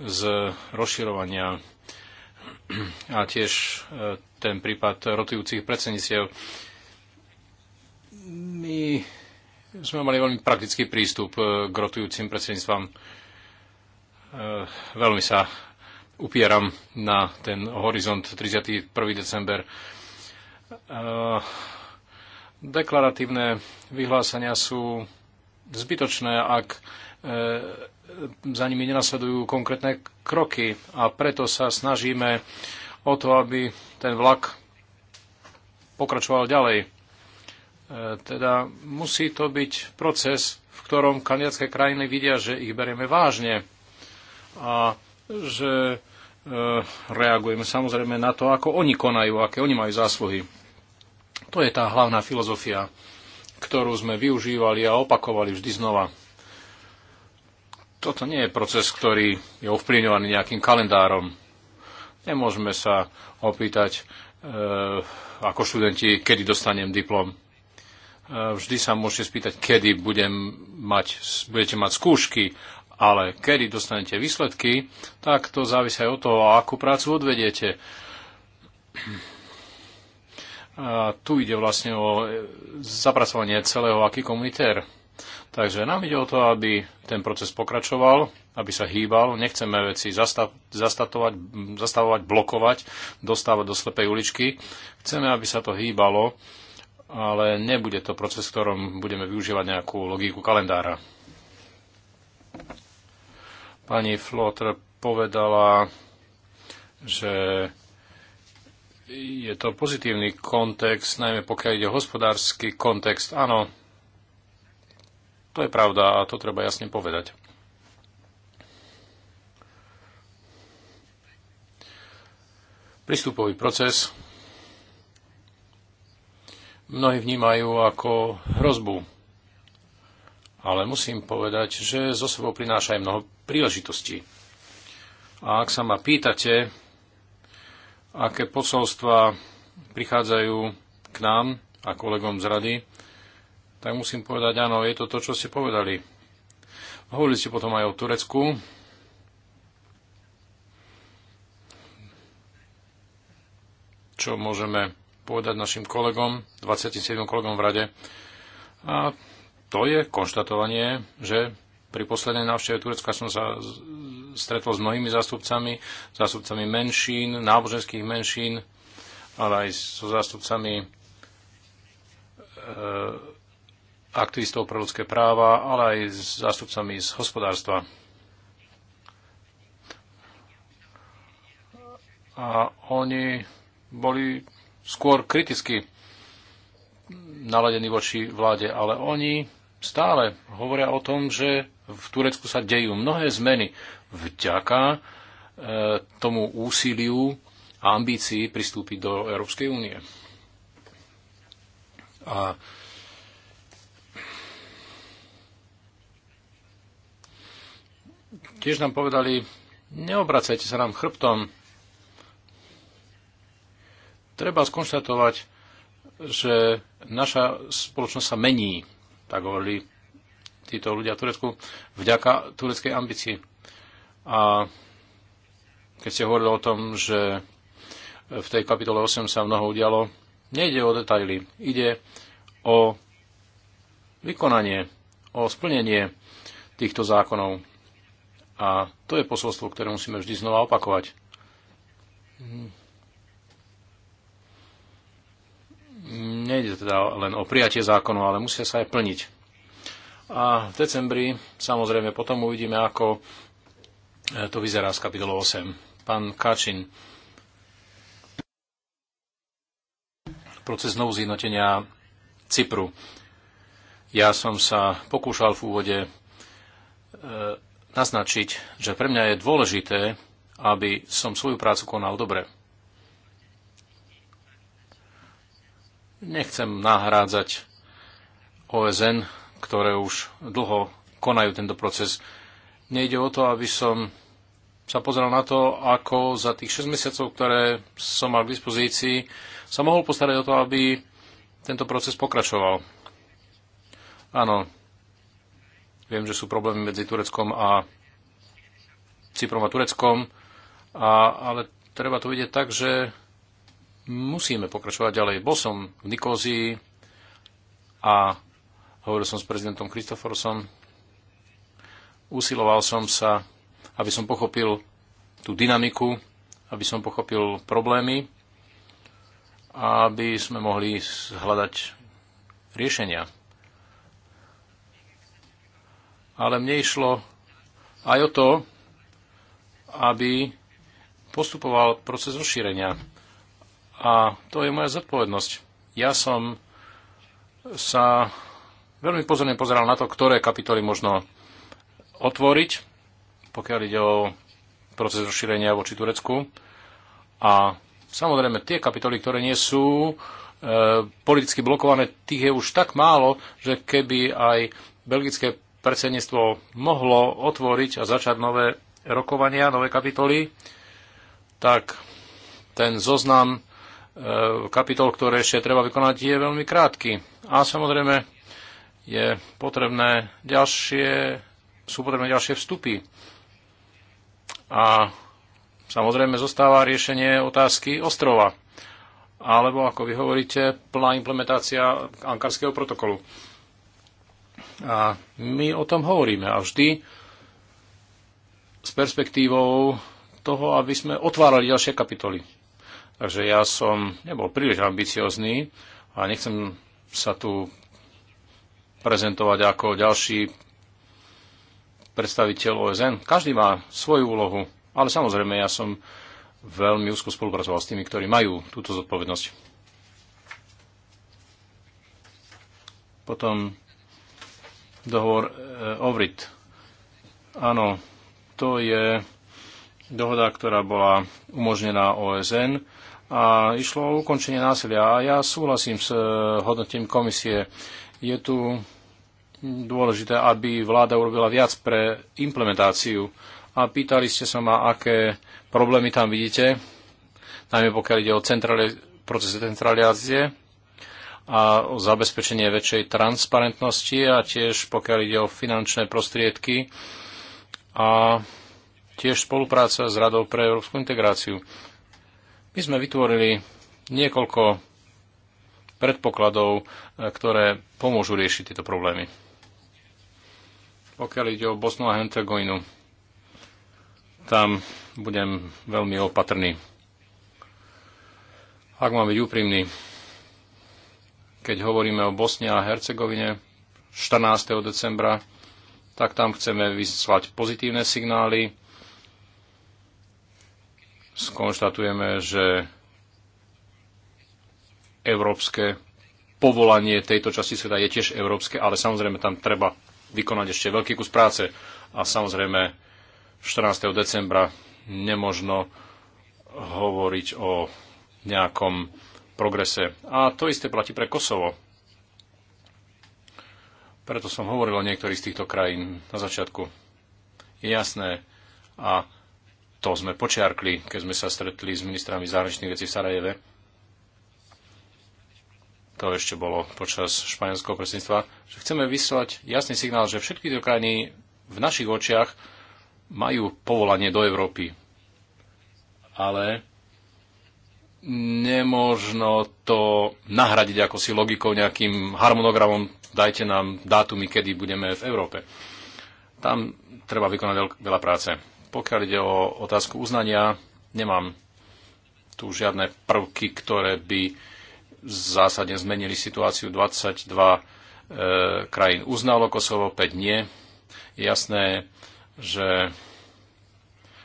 z rozširovania a tiež e, ten prípad rotujúcich predsedníctiev. My sme mali veľmi praktický prístup e, k rotujúcim predsedníctvám. Veľmi sa upieram na ten horizont 31. december. Deklaratívne vyhlásenia sú zbytočné, ak e, za nimi nenasledujú konkrétne kroky a preto sa snažíme o to, aby ten vlak pokračoval ďalej. E, teda musí to byť proces, v ktorom kandidátske krajiny vidia, že ich berieme vážne a že e, reagujeme samozrejme na to, ako oni konajú, aké oni majú zásluhy. To je tá hlavná filozofia, ktorú sme využívali a opakovali vždy znova. Toto nie je proces, ktorý je ovplyvňovaný nejakým kalendárom. Nemôžeme sa opýtať e, ako študenti, kedy dostanem diplom. E, vždy sa môžete spýtať, kedy budem mať, budete mať skúšky, ale kedy dostanete výsledky, tak to závisí aj od toho, akú prácu odvediete a tu ide vlastne o e, zapracovanie celého aký komunitér. Takže nám ide o to, aby ten proces pokračoval, aby sa hýbal. Nechceme veci zastav, zastatovať, zastavovať, blokovať, dostávať do slepej uličky. Chceme, aby sa to hýbalo, ale nebude to proces, v ktorom budeme využívať nejakú logiku kalendára. Pani Flotr povedala, že je to pozitívny kontext, najmä pokiaľ ide o hospodársky kontext. Áno, to je pravda a to treba jasne povedať. Pristupový proces mnohí vnímajú ako hrozbu, ale musím povedať, že zo sebou prináša aj mnoho príležitostí. A ak sa ma pýtate, aké posolstva prichádzajú k nám a kolegom z rady, tak musím povedať, áno, je to to, čo ste povedali. Hovorili ste potom aj o Turecku. Čo môžeme povedať našim kolegom, 27 kolegom v rade. A to je konštatovanie, že pri poslednej návšteve Turecka som sa stretol s mnohými zástupcami, zástupcami menšín, náboženských menšín, ale aj so zástupcami e, aktivistov pre ľudské práva, ale aj s zástupcami z hospodárstva. A oni boli skôr kriticky naladení voči vláde, ale oni stále hovoria o tom, že v Turecku sa dejú mnohé zmeny vďaka e, tomu úsiliu a ambícii pristúpiť do Európskej únie. A tiež nám povedali, neobracajte sa nám chrbtom. Treba skonštatovať, že naša spoločnosť sa mení, tak hovorili títo ľudia v Turecku vďaka tureckej ambícii. A keď ste hovorili o tom, že v tej kapitole 8 sa mnoho udialo, nejde o detaily, ide o vykonanie, o splnenie týchto zákonov. A to je posolstvo, ktoré musíme vždy znova opakovať. Nejde teda len o prijatie zákonu, ale musia sa aj plniť a v decembri samozrejme potom uvidíme, ako e, to vyzerá z kapitolu 8. Pán Kačin, proces znovu zjednotenia Cypru. Ja som sa pokúšal v úvode e, naznačiť, že pre mňa je dôležité, aby som svoju prácu konal dobre. Nechcem nahrádzať OSN ktoré už dlho konajú tento proces. Nejde o to, aby som sa pozrel na to, ako za tých 6 mesiacov, ktoré som mal k dispozícii, sa mohol postarať o to, aby tento proces pokračoval. Áno, viem, že sú problémy medzi Tureckom a Cyprom a Tureckom, a, ale treba to vidieť tak, že musíme pokračovať ďalej. Bol som v Nikózii a Hovoril som s prezidentom Kristoforosom. Usiloval som sa, aby som pochopil tú dynamiku, aby som pochopil problémy a aby sme mohli hľadať riešenia. Ale mne išlo aj o to, aby postupoval proces rozšírenia. A to je moja zodpovednosť. Ja som sa veľmi pozorne pozeral na to, ktoré kapitoly možno otvoriť, pokiaľ ide o proces rozšírenia voči Turecku. A samozrejme tie kapitoly, ktoré nie sú e, politicky blokované, tých je už tak málo, že keby aj belgické predsedníctvo mohlo otvoriť a začať nové rokovania, nové kapitoly, tak ten zoznam e, kapitol, ktoré ešte treba vykonať, je veľmi krátky. A samozrejme, je potrebné ďalšie, sú potrebné ďalšie vstupy. A samozrejme zostáva riešenie otázky ostrova, alebo ako vy hovoríte, plná implementácia ankarského protokolu. A my o tom hovoríme a vždy s perspektívou toho, aby sme otvárali ďalšie kapitoly. Takže ja som nebol príliš ambiciozný a nechcem sa tu prezentovať ako ďalší predstaviteľ OSN. Každý má svoju úlohu, ale samozrejme ja som veľmi úzko spolupracoval s tými, ktorí majú túto zodpovednosť. Potom dohovor eh, OVRIT. Áno, to je dohoda, ktorá bola umožnená OSN a išlo o ukončenie násilia. A ja súhlasím s eh, hodnotením komisie, je tu dôležité, aby vláda urobila viac pre implementáciu. A pýtali ste sa ma, aké problémy tam vidíte, najmä pokiaľ ide o centrali- proces centralizácie a o zabezpečenie väčšej transparentnosti a tiež pokiaľ ide o finančné prostriedky a tiež spolupráca s Radou pre európsku integráciu. My sme vytvorili niekoľko predpokladov, e, ktoré pomôžu riešiť tieto problémy. Pokiaľ ide o Bosnu a Hercegovinu, tam budem veľmi opatrný. Ak mám byť úprimný, keď hovoríme o Bosne a Hercegovine 14. decembra, tak tam chceme vyslať pozitívne signály. Skonštatujeme, že európske povolanie tejto časti sveta je tiež európske, ale samozrejme tam treba vykonať ešte veľký kus práce a samozrejme 14. decembra nemožno hovoriť o nejakom progrese. A to isté platí pre Kosovo. Preto som hovoril o niektorých z týchto krajín na začiatku. Je jasné a to sme počiarkli, keď sme sa stretli s ministrami zahraničných vecí v Sarajeve, to ešte bolo počas španielského predsedníctva, že chceme vyslať jasný signál, že všetky tie krajiny v našich očiach majú povolanie do Európy. Ale nemožno to nahradiť ako si logikou nejakým harmonogramom, dajte nám dátumy, kedy budeme v Európe. Tam treba vykonať veľa práce. Pokiaľ ide o otázku uznania, nemám tu žiadne prvky, ktoré by zásadne zmenili situáciu. 22 e, krajín uznalo Kosovo, 5 nie. Je jasné, že,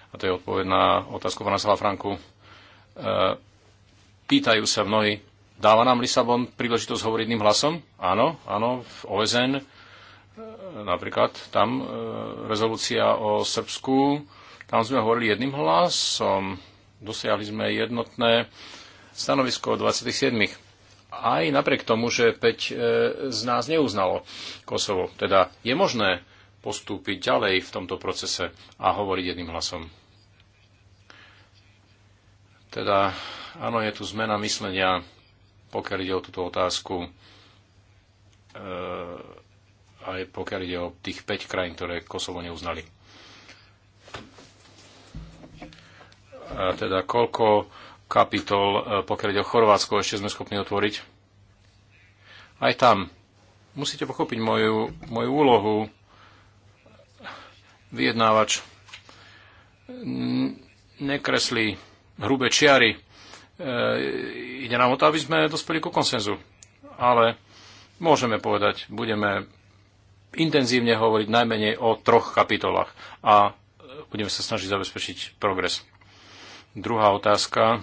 a to je odpoveď na otázku pana Salafranku, e, pýtajú sa mnohí, dáva nám Lisabon príležitosť hovoriť jedným hlasom? Áno, áno, v OSN e, napríklad tam e, rezolúcia o Srbsku, tam sme hovorili jedným hlasom, dosiahli sme jednotné stanovisko 27 aj napriek tomu, že 5 e, z nás neuznalo Kosovo. Teda je možné postúpiť ďalej v tomto procese a hovoriť jedným hlasom. Teda áno, je tu zmena myslenia, pokiaľ ide o túto otázku, e, aj pokiaľ ide o tých 5 krajín, ktoré Kosovo neuznali. A teda koľko kapitol, e, pokiaľ ide o Chorvátsko, ešte sme schopní otvoriť. Aj tam. Musíte pochopiť moju, moju úlohu. Vyjednávač nekreslí hrubé čiary. E, ide nám o to, aby sme dospeli ku konsenzu. Ale môžeme povedať, budeme intenzívne hovoriť najmenej o troch kapitolách a budeme sa snažiť zabezpečiť progres. Druhá otázka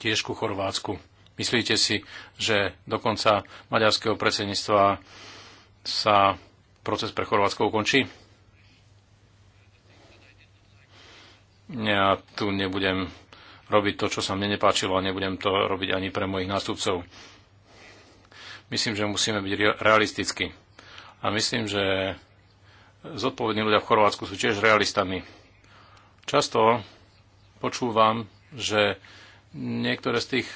tiež ku Chorvátsku. Myslíte si, že do konca maďarského predsedníctva sa proces pre Chorvátsko ukončí? Ja tu nebudem robiť to, čo sa mne nepáčilo a nebudem to robiť ani pre mojich nástupcov. Myslím, že musíme byť realistickí. A myslím, že zodpovední ľudia v Chorvátsku sú tiež realistami. Často počúvam, že niektoré z tých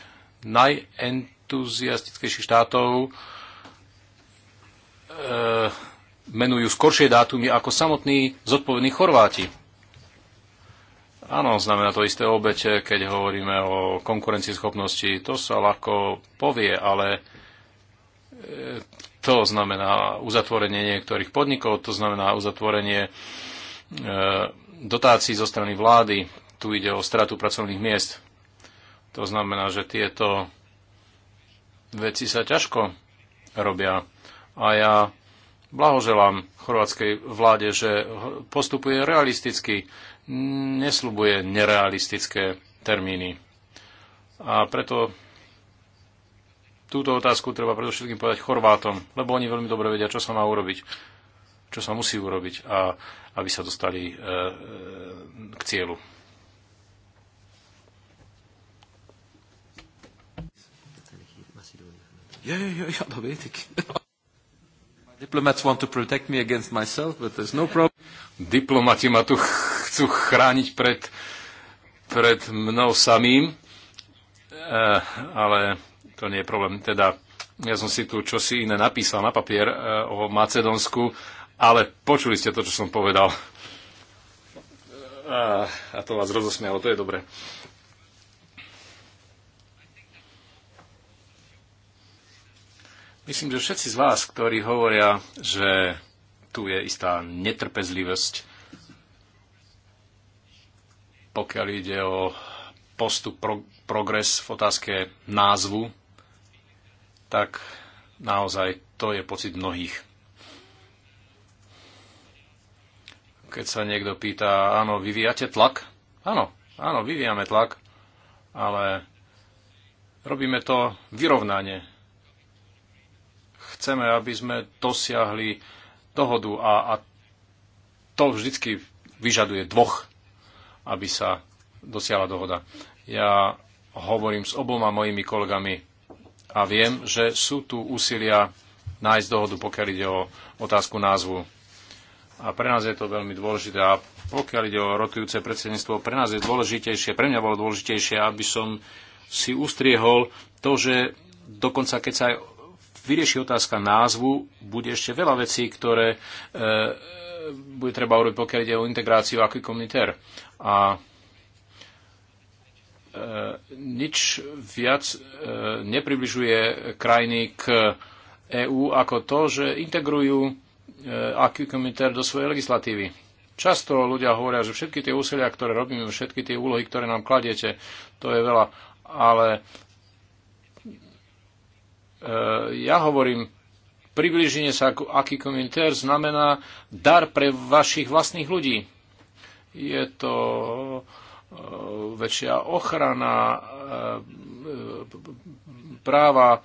najentuziastickejších štátov e, menujú skoršie dátumy ako samotní zodpovední Chorváti. Áno, znamená to isté obete, keď hovoríme o konkurencieschopnosti. To sa ľahko povie, ale e, to znamená uzatvorenie niektorých podnikov, to znamená uzatvorenie e, dotácií zo strany vlády. Tu ide o stratu pracovných miest. To znamená, že tieto veci sa ťažko robia. A ja blahoželám chorvátskej vláde, že postupuje realisticky, neslubuje nerealistické termíny. A preto túto otázku treba predovšetkým povedať Chorvátom, lebo oni veľmi dobre vedia, čo sa má urobiť, čo sa musí urobiť, a aby sa dostali e, e k cieľu. Ja, ja, ja, ja dat weet ik. Diplomats want to protect me against myself, but there's no problem. Diplomati ma tu chcú chrániť pred, pred mnou samým, uh, ale to nie je problém. Teda ja som si tu čosi iné napísal na papier uh, o Macedónsku, ale počuli ste to, čo som povedal. Uh, a to vás rozosmialo, to je dobré. Myslím, že všetci z vás, ktorí hovoria, že tu je istá netrpezlivosť, pokiaľ ide o postup pro, progres v otázke názvu, tak naozaj to je pocit mnohých. Keď sa niekto pýta, áno, vyvíjate tlak? Áno, áno, vyvíjame tlak, ale robíme to vyrovnanie chceme, aby sme dosiahli dohodu a, a to vždycky vyžaduje dvoch, aby sa dosiahla dohoda. Ja hovorím s oboma mojimi kolegami a viem, že sú tu úsilia nájsť dohodu, pokiaľ ide o otázku názvu. A pre nás je to veľmi dôležité. A pokiaľ ide o rotujúce predsedníctvo, pre nás je dôležitejšie, pre mňa bolo dôležitejšie, aby som si ustriehol to, že dokonca keď sa aj vyrieši otázka názvu, bude ešte veľa vecí, ktoré e, bude treba urobiť, pokiaľ ide o integráciu aký komunitér. A e, nič viac e, nepribližuje krajiny k EÚ ako to, že integrujú e, aký komunitér do svojej legislatívy. Často ľudia hovoria, že všetky tie úsilia, ktoré robíme, všetky tie úlohy, ktoré nám kladiete, to je veľa, ale E, ja hovorím, približenie sa ako aký komentér znamená dar pre vašich vlastných ľudí. Je to e, väčšia ochrana e, práva,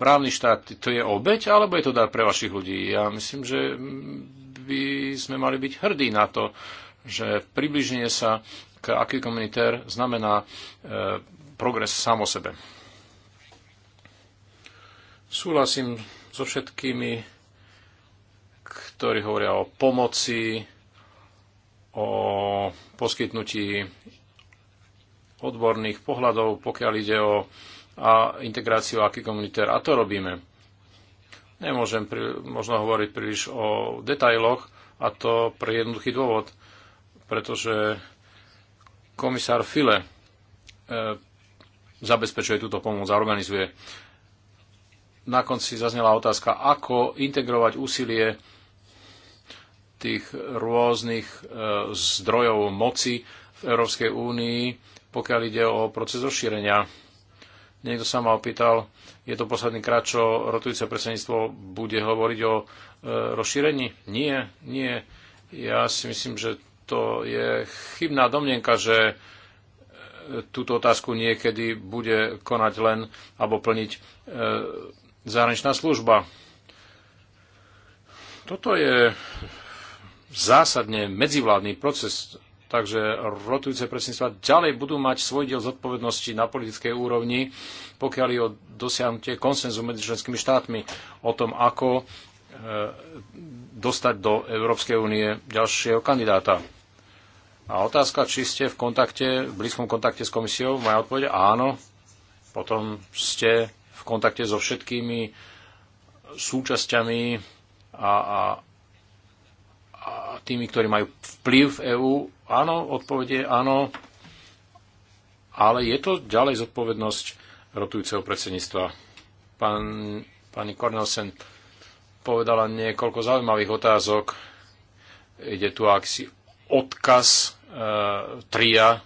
právny štát. To je obeď, alebo je to dar pre vašich ľudí? Ja myslím, že by sme mali byť hrdí na to, že približenie sa k aký komunitér znamená progres sám o sebe. Súhlasím so všetkými, ktorí hovoria o pomoci, o poskytnutí odborných pohľadov, pokiaľ ide o a integráciu aký komunitér. A to robíme. Nemôžem pri, možno hovoriť príliš o detailoch a to pre jednoduchý dôvod, pretože komisár File e, zabezpečuje túto pomoc a organizuje na konci zaznela otázka, ako integrovať úsilie tých rôznych e, zdrojov moci v Európskej únii, pokiaľ ide o proces rozšírenia. Niekto sa ma opýtal, je to posledný krát, čo rotujúce predsedníctvo bude hovoriť o e, rozšírení? Nie, nie. Ja si myslím, že to je chybná domnenka, že e, túto otázku niekedy bude konať len alebo plniť zahraničná služba. Toto je zásadne medzivládny proces, takže rotujúce predsedníctva ďalej budú mať svoj diel zodpovednosti na politickej úrovni, pokiaľ je o dosiahnutie konsenzu medzi členskými štátmi o tom, ako e, dostať do Európskej únie ďalšieho kandidáta. A otázka, či ste v kontakte, v blízkom kontakte s komisiou, moja odpoveď áno, potom ste kontakte so všetkými súčasťami a, a, a tými, ktorí majú vplyv v EÚ. Áno, odpovede áno, ale je to ďalej zodpovednosť rotujúceho predsedníctva. Pán, pani Cornelsen povedala niekoľko zaujímavých otázok. Ide tu aký odkaz e, tria,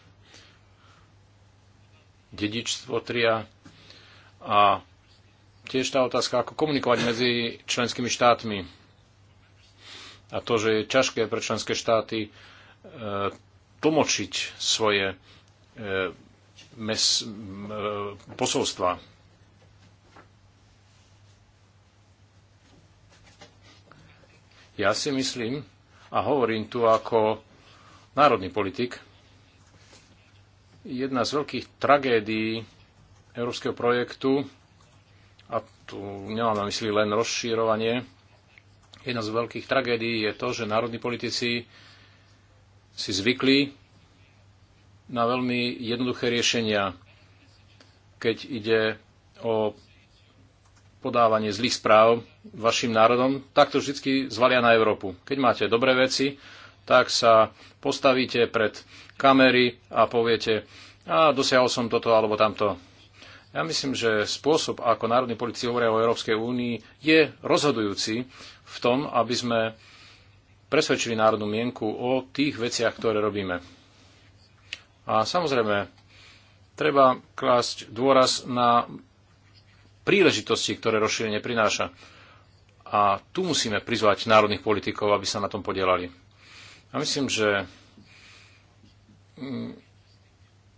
dedičstvo tria a tiež tá otázka, ako komunikovať medzi členskými štátmi. A to, že je ťažké pre členské štáty e, tlmočiť svoje e, mes, e, posolstva. Ja si myslím, a hovorím tu ako národný politik, jedna z veľkých tragédií európskeho projektu a tu nemám na mysli len rozšírovanie, jedna z veľkých tragédií je to, že národní politici si zvykli na veľmi jednoduché riešenia, keď ide o podávanie zlých správ vašim národom, tak to vždy zvalia na Európu. Keď máte dobré veci, tak sa postavíte pred kamery a poviete, a dosiahol som toto alebo tamto. Ja myslím, že spôsob, ako národní politici hovoria o Európskej únii, je rozhodujúci v tom, aby sme presvedčili národnú mienku o tých veciach, ktoré robíme. A samozrejme, treba klásť dôraz na príležitosti, ktoré rozšírenie prináša. A tu musíme prizvať národných politikov, aby sa na tom podielali. A myslím, že mm,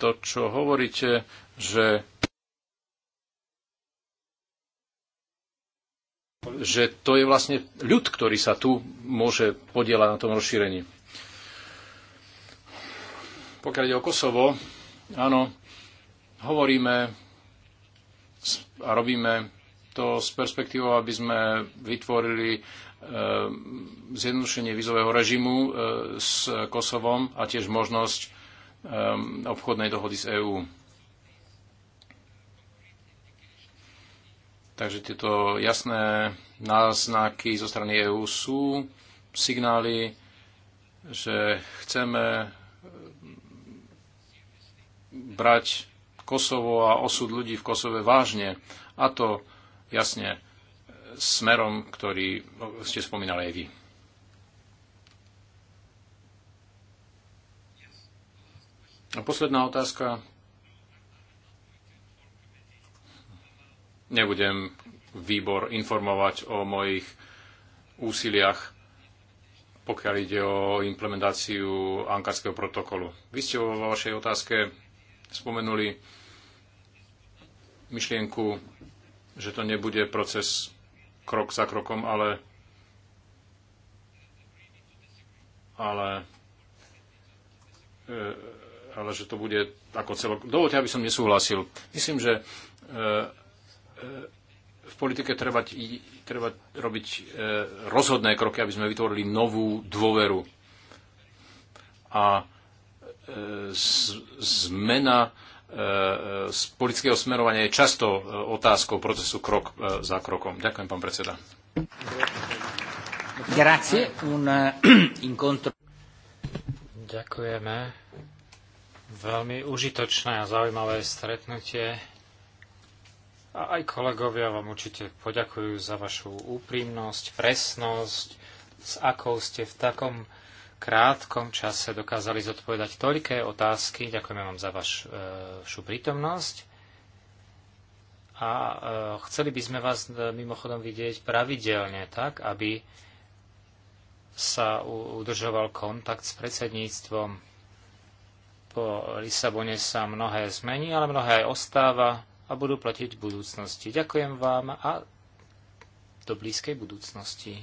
to, čo hovoríte, že že to je vlastne ľud, ktorý sa tu môže podielať na tom rozšírení. Pokiaľ ide o Kosovo, áno, hovoríme a robíme to s perspektívou, aby sme vytvorili e, zjednodušenie vizového režimu e, s Kosovom a tiež možnosť e, obchodnej dohody z EÚ. Takže tieto jasné náznaky zo strany EÚ sú signály, že chceme mm, brať Kosovo a osud ľudí v Kosove vážne. A to jasne e, smerom, ktorý ste spomínali aj vy. A posledná otázka Nebudem výbor informovať o mojich úsiliach, pokiaľ ide o implementáciu ankarského protokolu. Vy ste vo vašej otázke spomenuli myšlienku, že to nebude proces krok za krokom, ale, ale, e, ale že to bude ako celok. Dovolte, aby som nesúhlasil. Myslím, že e, E, v politike treba, treba robiť e, rozhodné kroky, aby sme vytvorili novú dôveru. A e, zmena z politického smerovania je často otázkou procesu krok za krokom. Ďakujem, pán predseda. Ďakujeme. Veľmi užitočné a zaujímavé stretnutie. A aj kolegovia vám určite poďakujú za vašu úprimnosť, presnosť, s akou ste v takom krátkom čase dokázali zodpovedať toľké otázky. Ďakujeme vám za e, vašu prítomnosť. A e, chceli by sme vás e, mimochodom vidieť pravidelne, tak aby sa udržoval kontakt s predsedníctvom. Po Lisabone sa mnohé zmení, ale mnohé aj ostáva a budú platiť v budúcnosti. Ďakujem vám a do blízkej budúcnosti.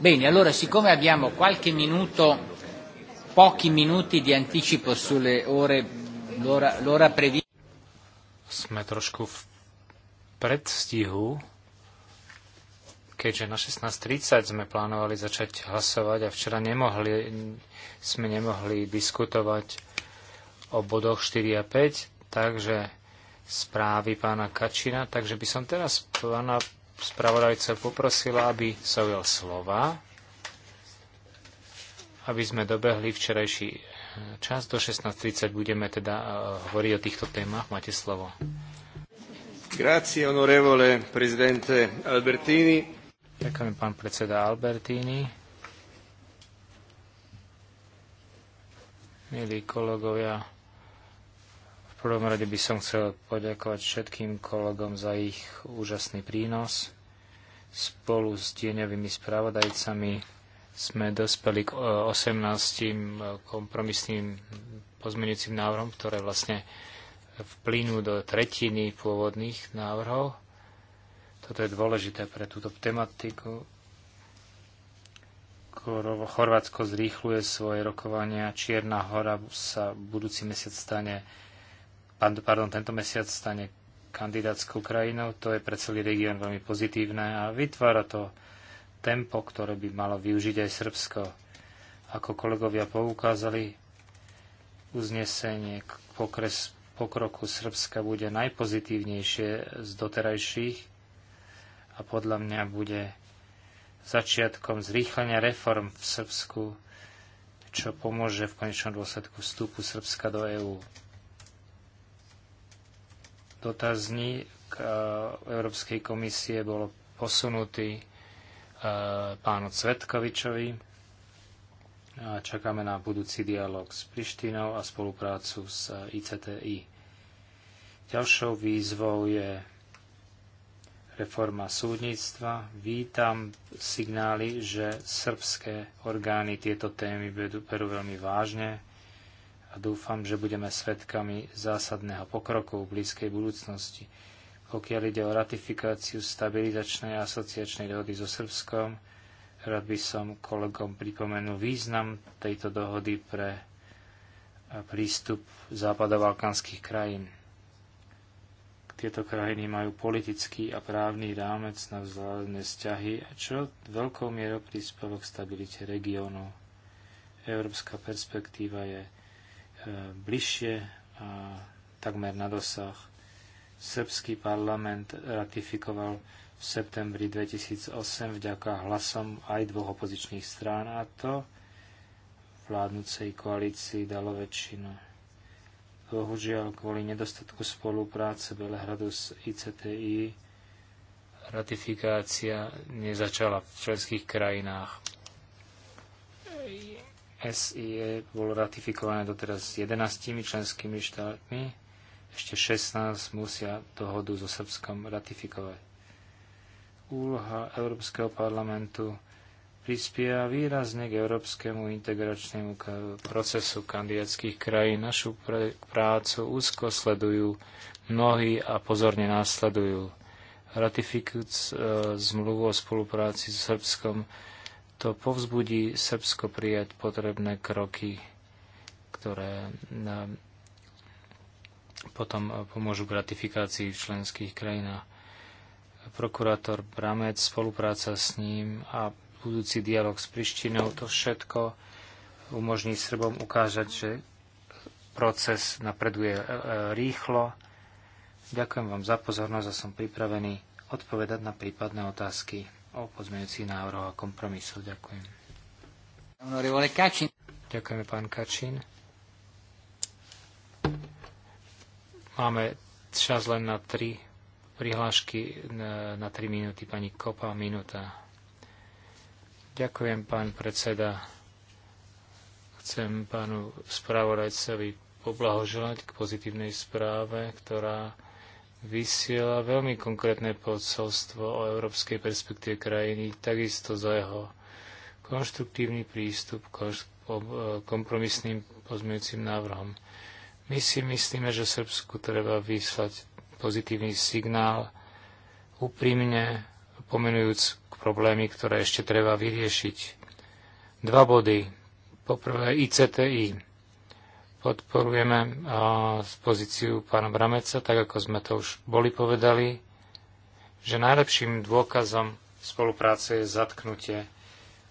Bene, allora siccome abbiamo qualche minuto, pochi minuti di anticipo sulle ore, l'ora, l'ora prevista. Sme trošku v predstihu, keďže na 16.30 sme plánovali začať hlasovať a včera nemohli, sme nemohli diskutovať o bodoch 4 a 5, takže správy pána Kačina, takže by som teraz pána spravodajca poprosila, aby sa ujel slova, aby sme dobehli včerajší eh, čas. Do 16.30 budeme teda eh, hovoriť o týchto témach. Máte slovo. Grazie, onorevole prezidente Albertini. Ďakujem, pán predseda Albertini. Milí kolegovia, prvom rade by som chcel poďakovať všetkým kolegom za ich úžasný prínos. Spolu s tieňovými spravodajcami sme dospeli k 18 e, e, kompromisným pozmeňujúcim návrhom, ktoré vlastne vplynú do tretiny pôvodných návrhov. Toto je dôležité pre túto tematiku. Chorvátsko zrýchluje svoje rokovania. Čierna hora sa budúci mesiac stane pardon, tento mesiac stane kandidátskou krajinou. To je pre celý región veľmi pozitívne a vytvára to tempo, ktoré by malo využiť aj Srbsko. Ako kolegovia poukázali, uznesenie k pokres pokroku Srbska bude najpozitívnejšie z doterajších a podľa mňa bude začiatkom zrýchlenia reform v Srbsku, čo pomôže v konečnom dôsledku vstupu Srbska do EÚ dotazník e, Európskej komisie bol posunutý e, pánu Cvetkovičovi. A e, čakáme na budúci dialog s Prištinou a spoluprácu s ICTI. Ďalšou výzvou je reforma súdnictva. Vítam signály, že srbské orgány tieto témy berú veľmi vážne dúfam, že budeme svedkami zásadného pokroku v blízkej budúcnosti. Pokiaľ ide o ratifikáciu stabilizačnej a asociačnej dohody so Srbskom, rád by som kolegom pripomenul význam tejto dohody pre prístup západovalkanských krajín. Tieto krajiny majú politický a právny rámec na vzájomné vzťahy, čo veľkou mierou prispelo k stabilite regiónu. Európska perspektíva je E, bližšie a takmer na dosah. Srbský parlament ratifikoval v septembri 2008 vďaka hlasom aj dvoch opozičných strán a to vládnucej koalícii dalo väčšinu. Bohužiaľ, kvôli nedostatku spolupráce Belehradu s ICTI ratifikácia nezačala v členských krajinách. SIE bolo ratifikované doteraz 11 členskými štátmi, ešte 16 musia dohodu so Srbskom ratifikovať. Úloha Európskeho parlamentu prispieva výrazne k európskemu integračnému procesu kandidátskych krajín. Našu prácu úzko sledujú mnohí a pozorne následujú. Ratifikujúc e, zmluvu o spolupráci s Srbskom, to povzbudí Srbsko prijať potrebné kroky, ktoré nám potom pomôžu k ratifikácii v členských krajinách. Prokurátor Bramec, spolupráca s ním a budúci dialog s Prištinou, to všetko umožní Srbom ukážať, že proces napreduje e, e, rýchlo. Ďakujem vám za pozornosť a som pripravený odpovedať na prípadné otázky o pozmeňujúcich návrhoch a kompromisov. Ďakujem. Ďakujeme, pán Kačín. Máme čas len na tri prihlášky na, na tri minúty. Pani Kopa, minúta. Ďakujem, pán predseda. Chcem pánu spravodajcovi poblahoželať k pozitívnej správe, ktorá vysiela veľmi konkrétne posolstvo o európskej perspektíve krajiny, takisto za jeho konštruktívny prístup k e, kompromisným pozmeňujúcim návrhom. My si myslíme, že Srbsku treba vyslať pozitívny signál, úprimne pomenujúc problémy, ktoré ešte treba vyriešiť. Dva body. Poprvé ICTI. Podporujeme z pozíciu pána Brameca, tak ako sme to už boli povedali, že najlepším dôkazom spolupráce je zatknutie.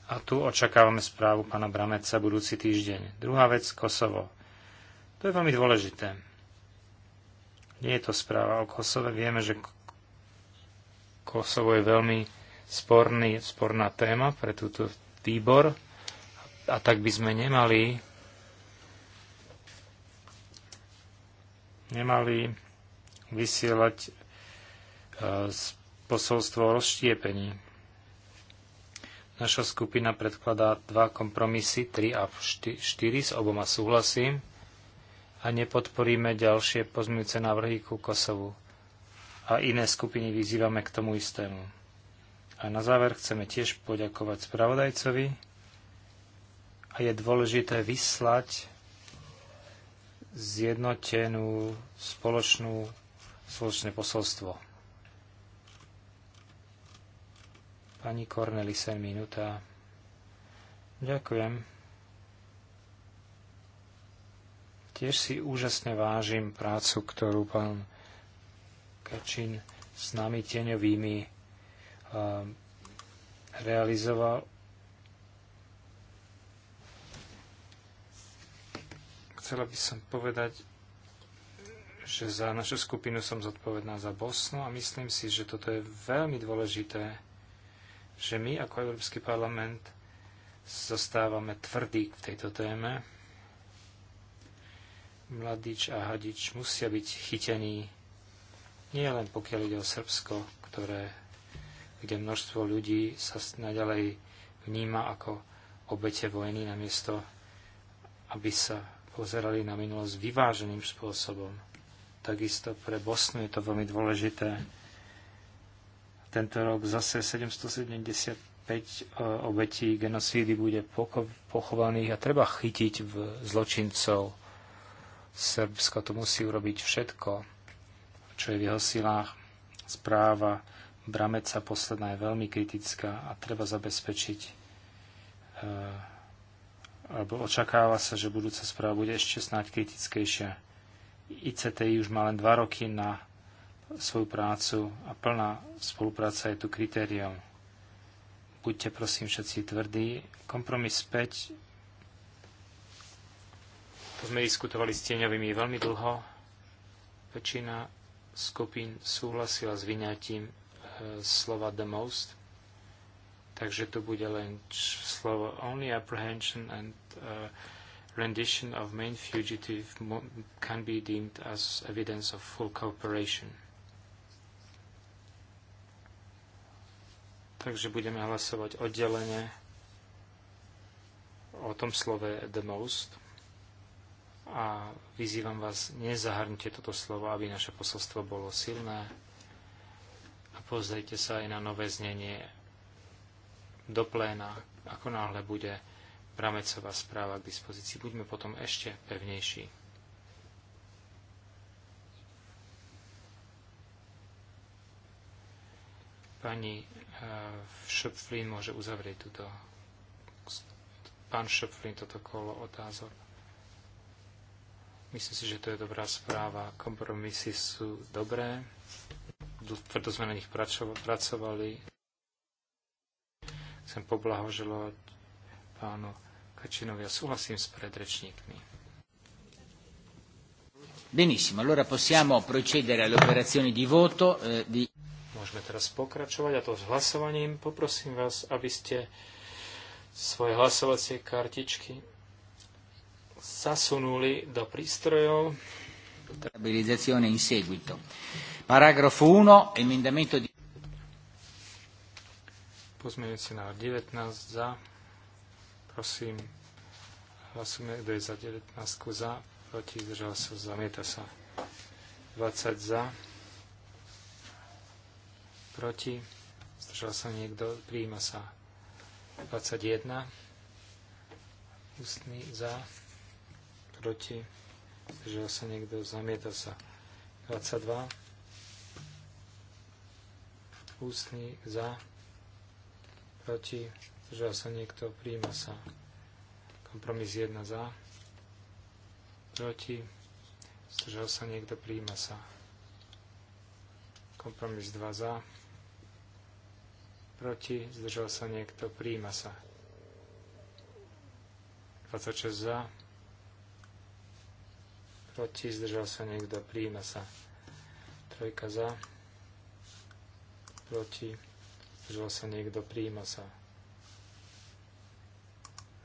A tu očakávame správu pána Brameca budúci týždeň. Druhá vec, Kosovo. To je veľmi dôležité. Nie je to správa o Kosove. Vieme, že Kosovo je veľmi sporný, sporná téma pre túto výbor. A tak by sme nemali nemali vysielať e, posolstvo o rozštiepení. Naša skupina predkladá dva kompromisy, 3 a 4, s oboma súhlasím a nepodporíme ďalšie pozmujúce návrhy ku Kosovu. A iné skupiny vyzývame k tomu istému. A na záver chceme tiež poďakovať spravodajcovi a je dôležité vyslať zjednotenú spoločnú, spoločné posolstvo. Pani Cornelisen, minúta. Ďakujem. Tiež si úžasne vážim prácu, ktorú pán Kačín s nami tieňovými ehm, realizoval Chcela by som povedať, že za našu skupinu som zodpovedná za Bosnu a myslím si, že toto je veľmi dôležité, že my ako Európsky parlament zostávame tvrdí v tejto téme. Mladič a Hadič musia byť chytení nie len pokiaľ ide o Srbsko, ktoré, kde množstvo ľudí sa naďalej vníma ako obete vojny namiesto, aby sa pozerali na minulosť vyváženým spôsobom. Takisto pre Bosnu je to veľmi dôležité. Tento rok zase 775 e, obetí genocídy bude pochovaných a treba chytiť v zločincov. Srbsko to musí urobiť všetko, čo je v jeho silách. Správa Brameca posledná je veľmi kritická a treba zabezpečiť e, alebo očakáva sa, že budúca správa bude ešte snáď kritickejšia. ICTI už má len dva roky na svoju prácu a plná spolupráca je tu kritériom. Buďte prosím všetci tvrdí. Kompromis 5. To sme diskutovali s tieňovými veľmi dlho. Väčšina skupín súhlasila s vyňatím e, slova the most Takže to bude len slovo only apprehension and uh, rendition of main fugitive can be deemed as evidence of full cooperation. Takže budeme hlasovať oddelenie o tom slove the most a vyzývam vás, nezahrnite toto slovo, aby naše posolstvo bolo silné a pozrite sa aj na nové znenie do pléna, ako náhle bude pramecová správa k dispozícii. Buďme potom ešte pevnejší. Pani eh, Šöpflin môže uzavrieť túto pán Šöpflin toto kolo otázok. Myslím si, že to je dobrá správa. Kompromisy sú dobré. Tvrdo sme na nich pracovali. Chcem poblahoželovať pánu Kačinovi a súhlasím s predrečníkmi. Benissimo, allora possiamo procedere all'operazione di voto. Eh, di... Môžeme teraz pokračovať a to s hlasovaním. Poprosím vás, aby ste svoje hlasovacie kartičky zasunuli do prístrojov. Stabilizzazione in seguito. Paragrafo 1, emendamento di... Pozmeňujúci na 19 za. Prosím, hlasujeme, kto je za 19 za. Proti, zdržal sa, zamieta sa. 20 za. Proti, zdržal sa niekto, prijíma sa. 21 ústny za. Proti, zdržal sa niekto, zamieta sa. 22 ústny za proti, zdržal sa niekto, príjma sa. Kompromis 1 za, proti, zdržal sa niekto, príjma sa. Kompromis 2 za, proti, zdržal sa niekto, príjma sa. 26 za, proti, zdržal sa niekto, príjma sa. Trojka za, proti, že sa niekto, prijíma sa.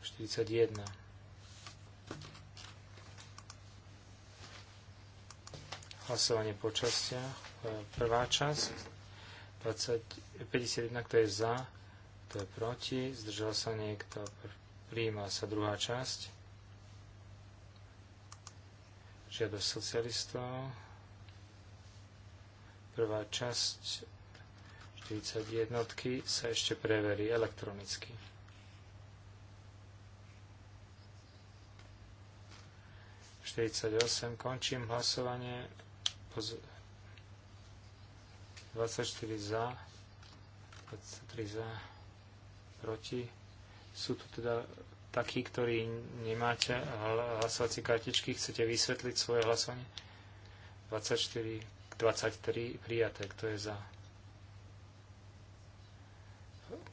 41. Hlasovanie po častiach. Prvá časť. 20, 51, kto je za, kto je proti. Zdržal sa niekto, prijíma sa druhá časť. Žiadosť socialistov. Prvá časť 31 sa ešte preverí elektronicky. ...48, končím hlasovanie, 24 za, 23 za, proti. Sú tu teda takí, ktorí nemáte hlasovací kartičky, chcete vysvetliť svoje hlasovanie? 24, 23 prijaté, kto je za?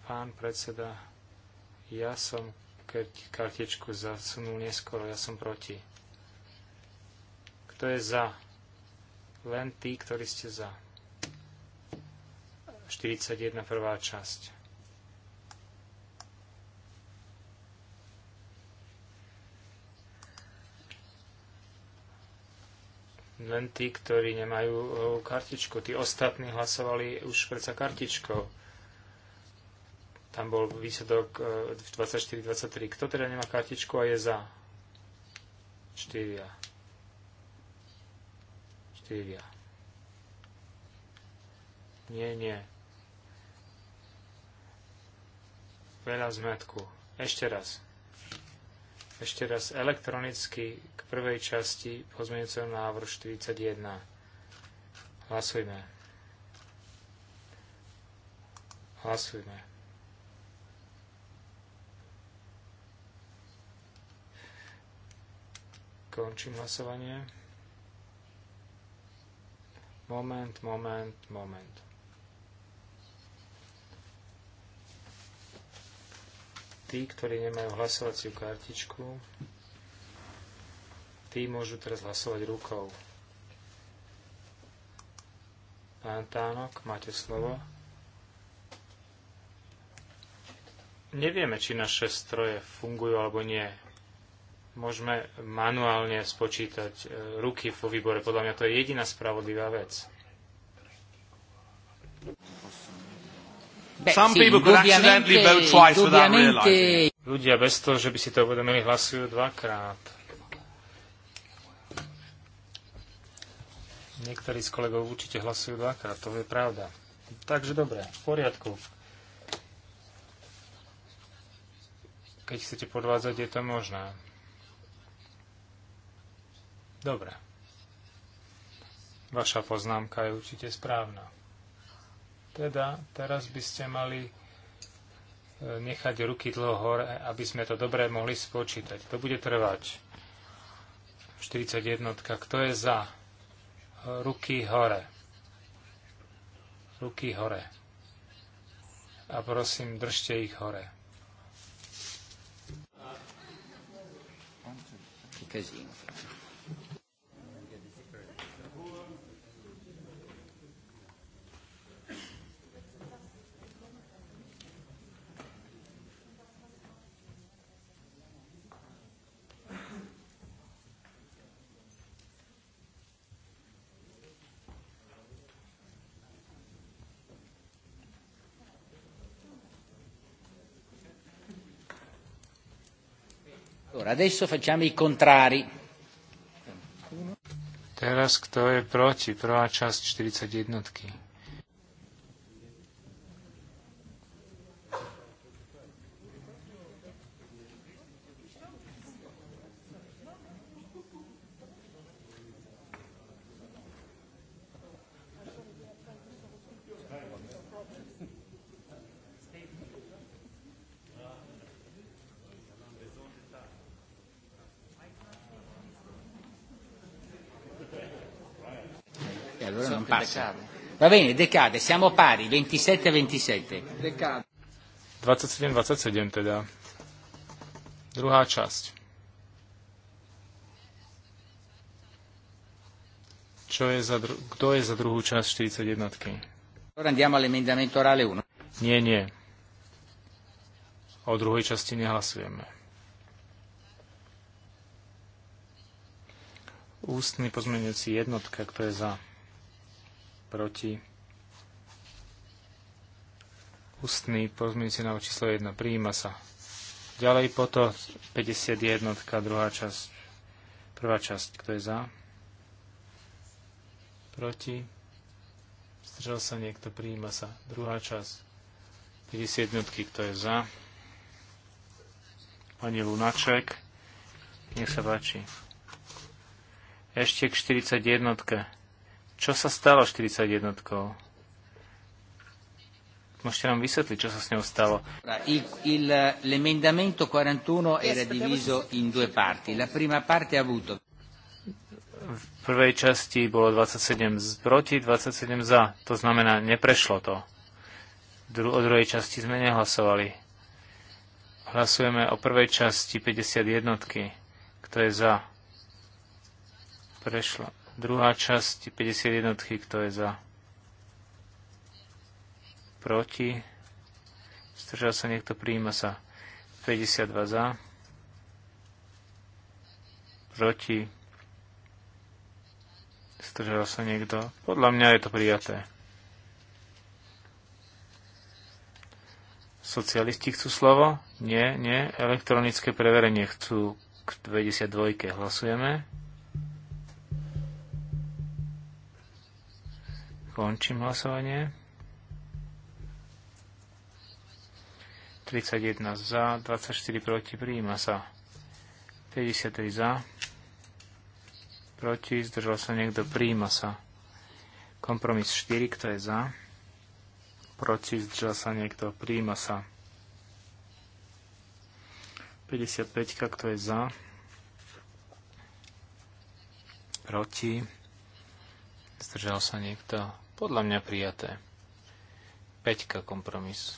Pán predseda, ja som keď kartičku zasunul neskoro, ja som proti. Kto je za? Len tí, ktorí ste za. 41. prvá časť. Len tí, ktorí nemajú e, kartičku. Tí ostatní hlasovali už predsa kartičkou. Tam bol výsledok 24-23. E, Kto teda nemá kartičku a je za? 4. 4. Nie, nie. Veľa zmetku. Ešte raz. Ešte raz elektronicky k prvej časti pozmeňujúceho návrhu 41. Hlasujme. Hlasujme. Končím hlasovanie. Moment, moment, moment. Tí, ktorí nemajú hlasovaciu kartičku, tí môžu teraz hlasovať rukou. Pán Tánok, máte slovo. Nevieme, či naše stroje fungujú alebo nie môžeme manuálne spočítať e, ruky vo výbore. Podľa mňa to je jediná spravodlivá vec. Ľudia bez toho, že by si to uvedomili, hlasujú dvakrát. Niektorí z kolegov určite hlasujú dvakrát, to je pravda. Takže dobre, v poriadku. Keď chcete podvádzať, je to možné. Dobre. Vaša poznámka je určite správna. Teda teraz by ste mali e, nechať ruky dlho hore, aby sme to dobre mohli spočítať. To bude trvať. 41. Kto je za? Ruky hore. Ruky hore. A prosím, držte ich hore. Because Allora, adesso facciamo i contrari. Teraz kto je proti? Prvá časť 41. -tky. passa. Va bene, decade, siamo pari, 27 a 27. Decade. 27-27 teda. Druhá časť. Čo je za dru- kto je za druhú časť 41? Ora andiamo all'emendamento orale 1. Nie, nie. O druhej časti nehlasujeme. Ústny pozmeňujúci jednotka, kto je za? proti. Ústny pozmienci na číslo 1 prijíma sa. Ďalej potom 51, druhá časť. Prvá časť, kto je za? Proti? Zdržal sa niekto, prijíma sa. Druhá časť, 51, kto je za? Pani Lunaček, nech sa páči. Ešte k 41. Čo sa stalo 41? Môžete nám vysvetliť, čo sa s ňou stalo? L'emendamento 41 era diviso in due parti. La prima parte ha avuto v prvej časti bolo 27 proti, 27 za. To znamená, neprešlo to. Dru- o druhej časti sme nehlasovali. Hlasujeme o prvej časti 51. Kto je za? Prešlo. Druhá časť 51, kto je za? Proti? Zdržal sa niekto, prijíma sa. 52 za. Proti? Zdržal sa niekto. Podľa mňa je to prijaté. Socialisti chcú slovo? Nie, nie. Elektronické preverenie chcú k 22. Hlasujeme. Končím hlasovanie. 31 za, 24 proti, prijíma sa. 53 za, proti, zdržal sa niekto, prijíma sa. Kompromis 4, kto je za, proti, zdržal sa niekto, prijíma sa. 55, kto je za, proti, zdržal sa niekto, podľa mňa prijaté. Peťka kompromis.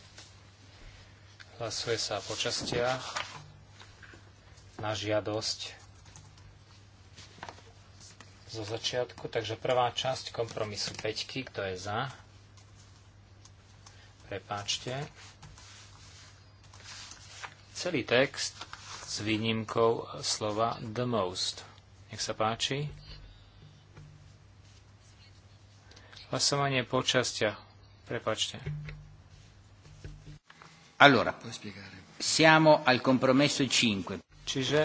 Hlasuje sa počastia na žiadosť zo začiatku. Takže prvá časť kompromisu Peťky, kto je za? Prepáčte. Celý text s výnimkou slova the most. Nech sa páči. Hlasovanie po častiach. Prepačte. Allora, siamo al compromesso 5. Čiže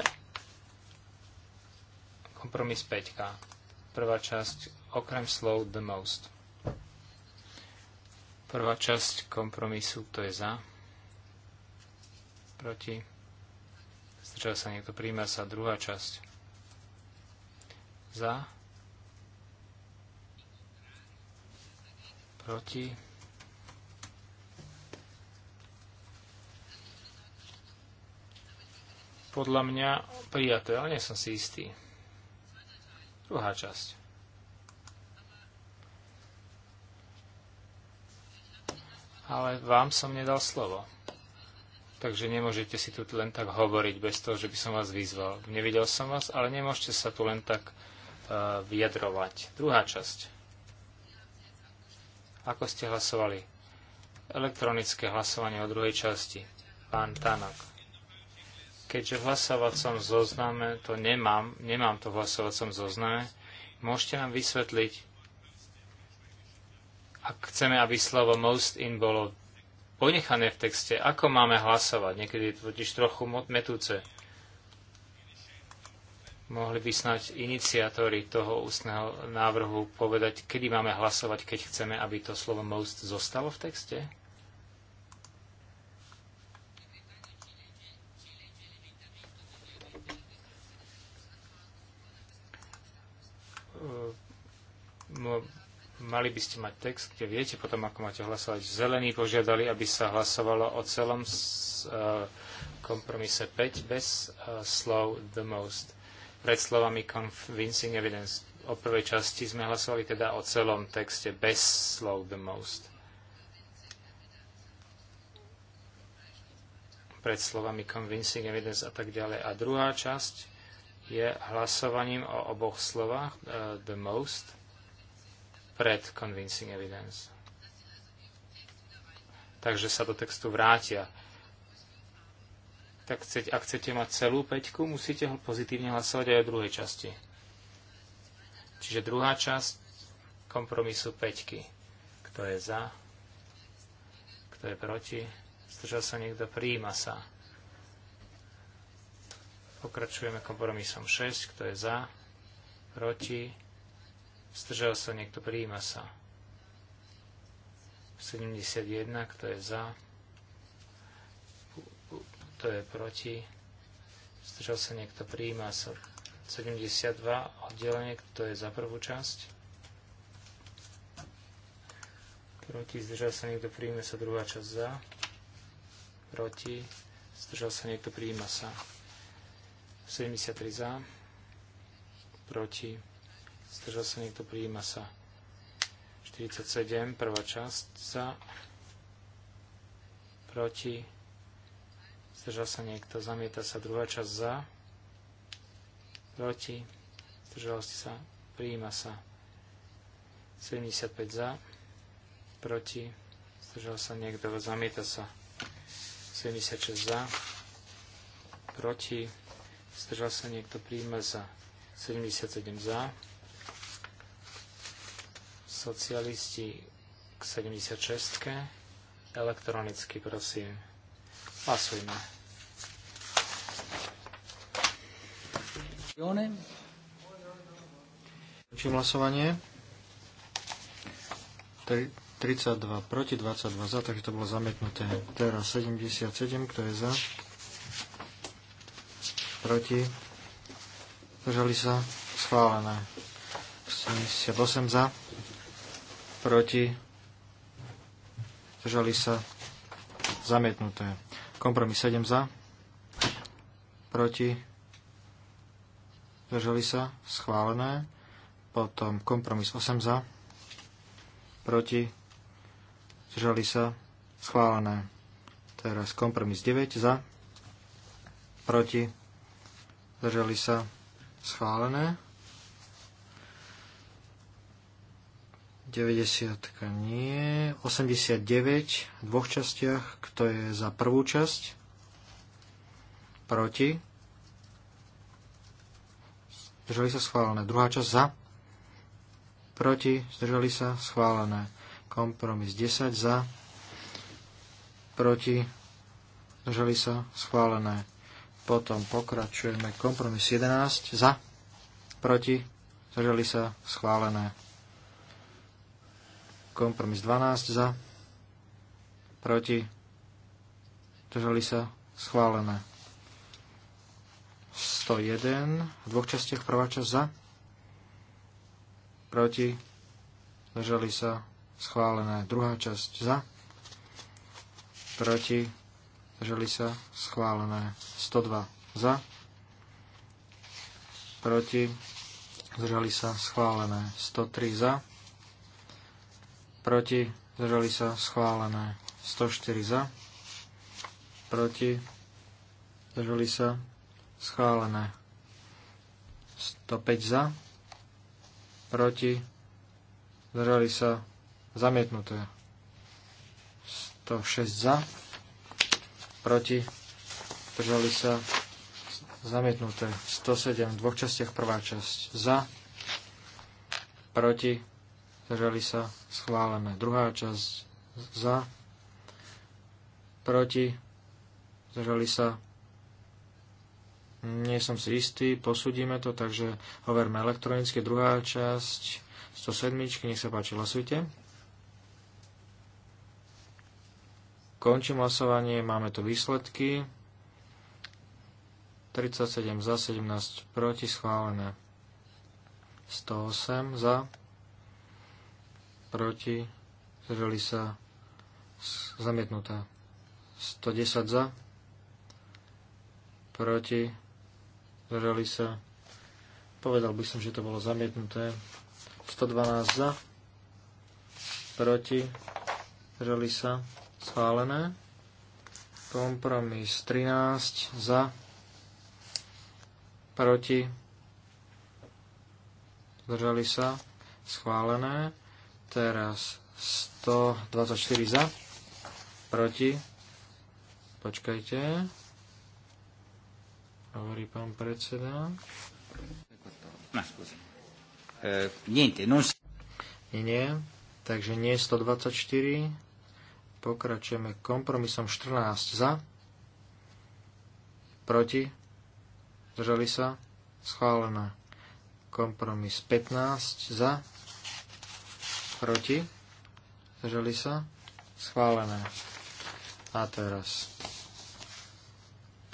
kompromis 5. Prvá časť okrem slov the most. Prvá časť kompromisu, to je za? Proti? Zdržal sa niekto, príjma sa druhá časť. Za? proti. Podľa mňa prijaté, ale nie som si istý. Druhá časť. Ale vám som nedal slovo. Takže nemôžete si tu len tak hovoriť bez toho, že by som vás vyzval. Nevidel som vás, ale nemôžete sa tu len tak uh, vyjadrovať. Druhá časť. Ako ste hlasovali? Elektronické hlasovanie o druhej časti. Pán Tanok. Keďže v hlasovacom zozname to nemám, nemám to v hlasovacom zozname, môžete nám vysvetliť, ak chceme, aby slovo most in bolo ponechané v texte, ako máme hlasovať. Niekedy je to totiž trochu metúce mohli by snáď iniciátori toho ústneho návrhu povedať, kedy máme hlasovať, keď chceme, aby to slovo most zostalo v texte? Ehm, mali by ste mať text, kde viete potom, ako máte hlasovať. Zelení požiadali, aby sa hlasovalo o celom ehm, kompromise 5 bez ehm, slov the most pred slovami convincing evidence. O prvej časti sme hlasovali teda o celom texte bez slov the most. Pred slovami convincing evidence a tak ďalej. A druhá časť je hlasovaním o oboch slovách uh, the most pred convincing evidence. Takže sa do textu vrátia tak chceť, ak chcete mať celú peťku, musíte pozitívne hlasovať aj o druhej časti. Čiže druhá časť kompromisu peťky. Kto je za? Kto je proti? Zdržal sa niekto? Prijíma sa. Pokračujeme kompromisom 6. Kto je za? Proti? Zdržal sa niekto? Prijíma sa. 71. Kto je za? kto je proti, zdržal sa niekto, prijíma sa 72, oddelenie, kto je za prvú časť, proti, zdržal sa niekto, prijíma sa druhá časť za, proti, zdržal sa niekto, prijíma sa 73 za, proti, zdržal sa niekto, prijíma sa 47, prvá časť za, proti, Zdržal sa niekto. Zamieta sa druhá časť za. Proti. Zdržal sa. Prijíma sa. 75 za. Proti. Zdržal sa niekto. Zamieta sa. 76 za. Proti. Zdržal sa niekto. Prijíma sa. 77 za. Socialisti k 76. Elektronicky, prosím. Hlasujme. Končím hlasovanie. 32 proti, 22 za, takže to bolo zamietnuté. Teraz 77, kto je za? Proti. Zdržali sa. Schválené. 78 za. Proti. Zdržali sa. Zamietnuté. Kompromis 7 za. Proti zdržali sa, schválené. Potom kompromis 8 za, proti, zdržali sa, schválené. Teraz kompromis 9 za, proti, zdržali sa, schválené. 90 nie, 89 v dvoch častiach, kto je za prvú časť, proti, zdržali sa schválené. Druhá časť za, proti, zdržali sa schválené. Kompromis 10 za, proti, zdržali sa schválené. Potom pokračujeme kompromis 11 za, proti, zdržali sa schválené. Kompromis 12 za, proti, zdržali sa schválené 101 v dvoch častiach. Prvá časť za, proti, zdržali sa, schválené. Druhá časť za, proti, zdržali sa, schválené. 102 za, proti, zdržali sa, schválené. 103 za, proti, zdržali sa, schválené. 104 za, proti, zdržali sa, Schválené. 105 za. Proti. Zdržali sa. Zamietnuté. 106 za. Proti. Zdržali sa. Zamietnuté. 107 v dvoch častiach prvá časť. Za. Proti. Zdržali sa. Schválené. Druhá časť. Za. Proti. Zdržali sa nie som si istý, posúdime to, takže hoverme elektronicky. Druhá časť 107, nech sa páči, hlasujte. Končím hlasovanie, máme tu výsledky. 37 za, 17 proti, schválené. 108 za, proti, zreli sa, zamietnutá 110 za, proti, zdržali sa. Povedal by som, že to bolo zamietnuté. 112 za, proti, zdržali sa, schválené. Kompromis 13 za, proti, zdržali sa, schválené. Teraz 124 za, proti, počkajte, hovorí pán predseda. E, nie, takže nie 124. Pokračujeme kompromisom 14 za, proti, zdržali sa, schválené. Kompromis 15 za, proti, zdržali sa, schválené. A teraz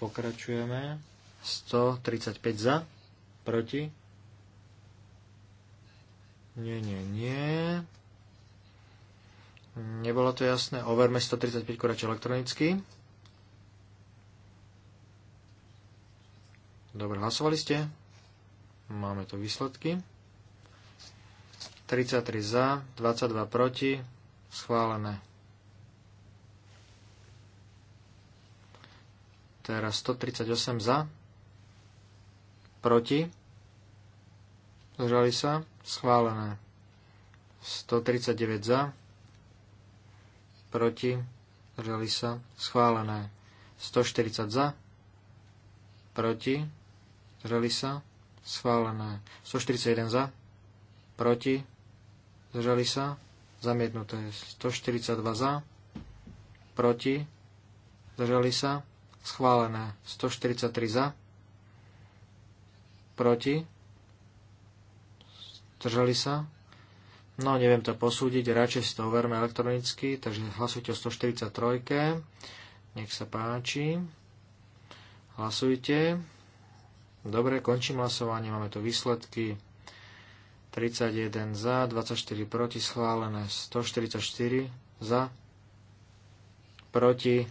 pokračujeme 135 za, proti. Nie, nie, nie. Nebolo to jasné. Overme 135 korač elektronicky. Dobre, hlasovali ste? Máme tu výsledky. 33 za, 22 proti, schválené. Teraz 138 za, Proti? Zdržali sa? Schválené. 139 za. Proti? Zdržali sa? Schválené. 140 za. Proti? Zdržali sa? Schválené. 141 za. Proti? Zdržali sa? Zamietnuté. 142 za. Proti? Zdržali sa? Schválené. 143 za proti, zdržali sa, no neviem to posúdiť, radšej si to overme elektronicky, takže hlasujte o 143, nech sa páči, hlasujte. Dobre, končím hlasovanie, máme tu výsledky 31 za, 24 proti, schválené 144 za, proti,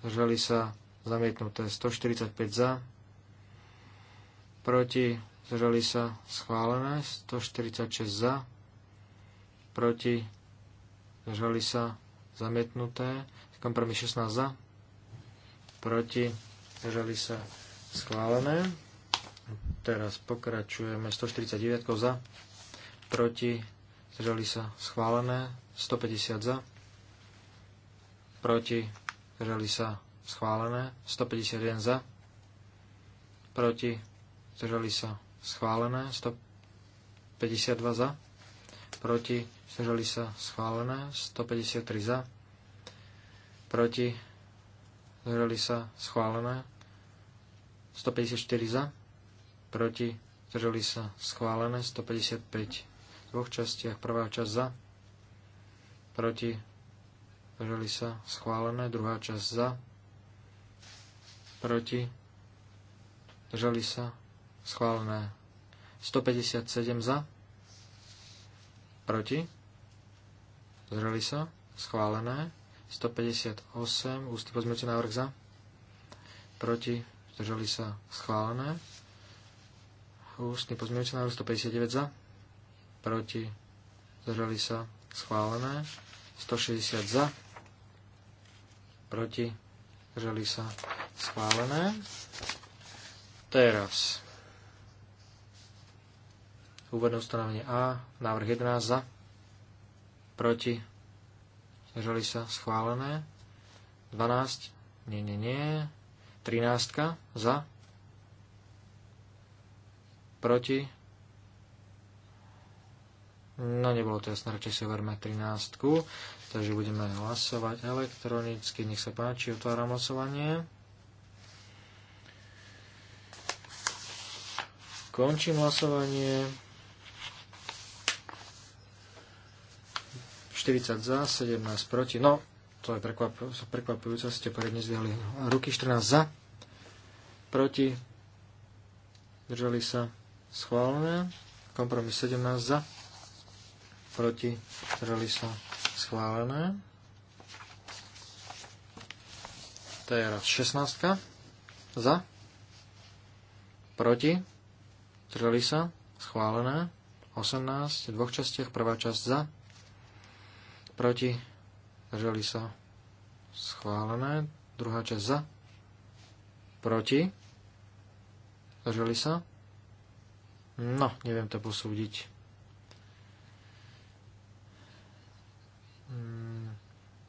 zdržali sa, zamietnuté 145 za, proti, zdrželi sa schválené, 146 za, proti, zdrželi sa zamietnuté, kompromis 16 za, proti, zdrželi sa schválené. Teraz pokračujeme 149 za, proti, zdrželi sa schválené, 150 za, proti, zdrželi sa schválené, 151 za, proti, zdržali sa schválené, 152 za, proti, zdržali sa schválené, 153 za, proti, zdržali sa schválené, 154 za, proti, zdržali sa schválené, 155 v dvoch častiach, prvá časť za, proti, zdržali sa schválené, druhá časť za, proti, zdržali sa schválené. 157 za, proti, zreli sa, schválené. 158, ústny pozmeňujúci návrh za, proti, zdržali sa, schválené. Ústny pozmeňujúci návrh 159 za, proti, zdržali sa, schválené. 160 za, proti, zdržali sa, schválené. Teraz Úvodné ustanovenie A, návrh 11 za, proti, zdržali sa, schválené. 12, nie, nie, nie. 13 za, proti, no nebolo to jasné, radšej si overme 13, takže budeme hlasovať elektronicky, nech sa páči, otváram hlasovanie. Končím hlasovanie. 40 za, 17 proti. No, to je prekvap, prekvapujúce, ste poriadne zdiali ruky. 14 za, proti, držali sa schválené. Kompromis 17 za, proti, držali sa schválené. To je raz 16 za, proti, držali sa schválené. 18 v dvoch častiach, prvá časť za, proti, zdržali sa, schválené. Druhá časť za, proti, zdržali sa. No, neviem to posúdiť. Mm,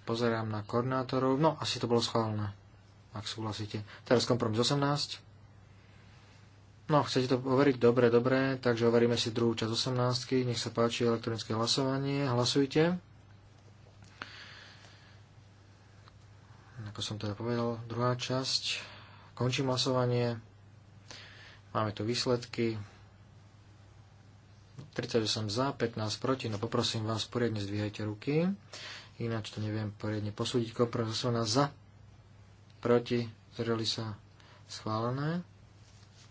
pozerám na koordinátorov. No, asi to bolo schválené, ak súhlasíte. Teraz kompromis 18. No, chcete to overiť? Dobre, dobre. Takže overíme si druhú časť 18. Nech sa páči elektronické hlasovanie. Hlasujte. Ako som teda povedal, druhá časť. Končím hlasovanie. Máme tu výsledky. 38 za, 15 proti, no poprosím vás, poriadne zdvíhajte ruky, ináč to neviem poriadne posúdiť. Kompromis na za, proti, zdržali sa schválené.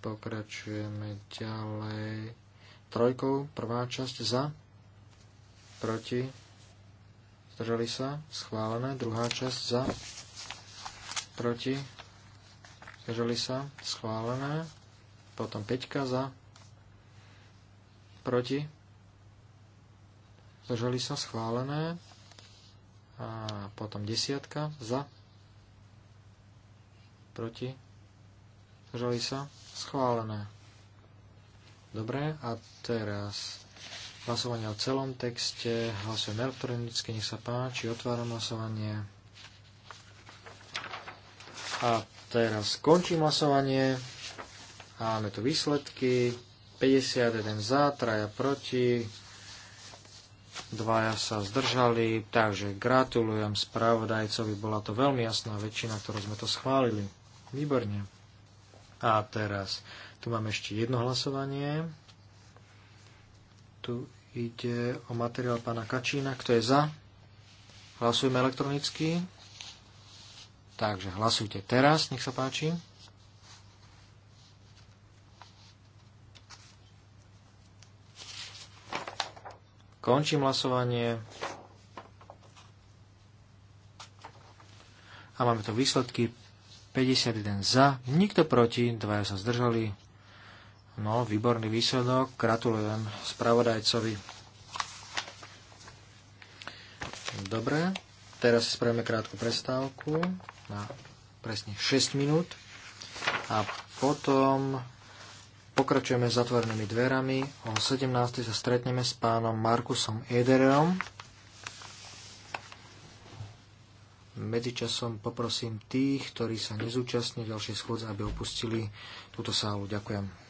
Pokračujeme ďalej trojkou, prvá časť za, proti, zdržali sa, schválené, druhá časť za, proti, zdržali sa, schválené, potom 5 za, proti, zdržali sa, schválené, a potom desiatka za, proti, zdržali sa, schválené. Dobre, a teraz hlasovanie o celom texte, hlasujem elektronicky, nech sa páči, otváram hlasovanie. A teraz končím hlasovanie. Máme tu výsledky. 51 za, 3 proti, dvaja sa zdržali, takže gratulujem spravodajcovi, bola to veľmi jasná väčšina, ktorú sme to schválili. Výborne. A teraz, tu máme ešte jedno hlasovanie. Tu ide o materiál pána Kačína, kto je za. Hlasujeme elektronicky. Takže hlasujte teraz, nech sa páči. Končím hlasovanie. A máme tu výsledky. 51 za, nikto proti, dvaja sa zdržali. No, výborný výsledok. Gratulujem spravodajcovi. Dobre, teraz si spravíme krátku prestávku na presne 6 minút a potom pokračujeme s zatvorenými dverami. O 17. sa stretneme s pánom Markusom Ederom. Medzičasom poprosím tých, ktorí sa nezúčastnia ďalšie schôdze, aby opustili túto sálu. Ďakujem.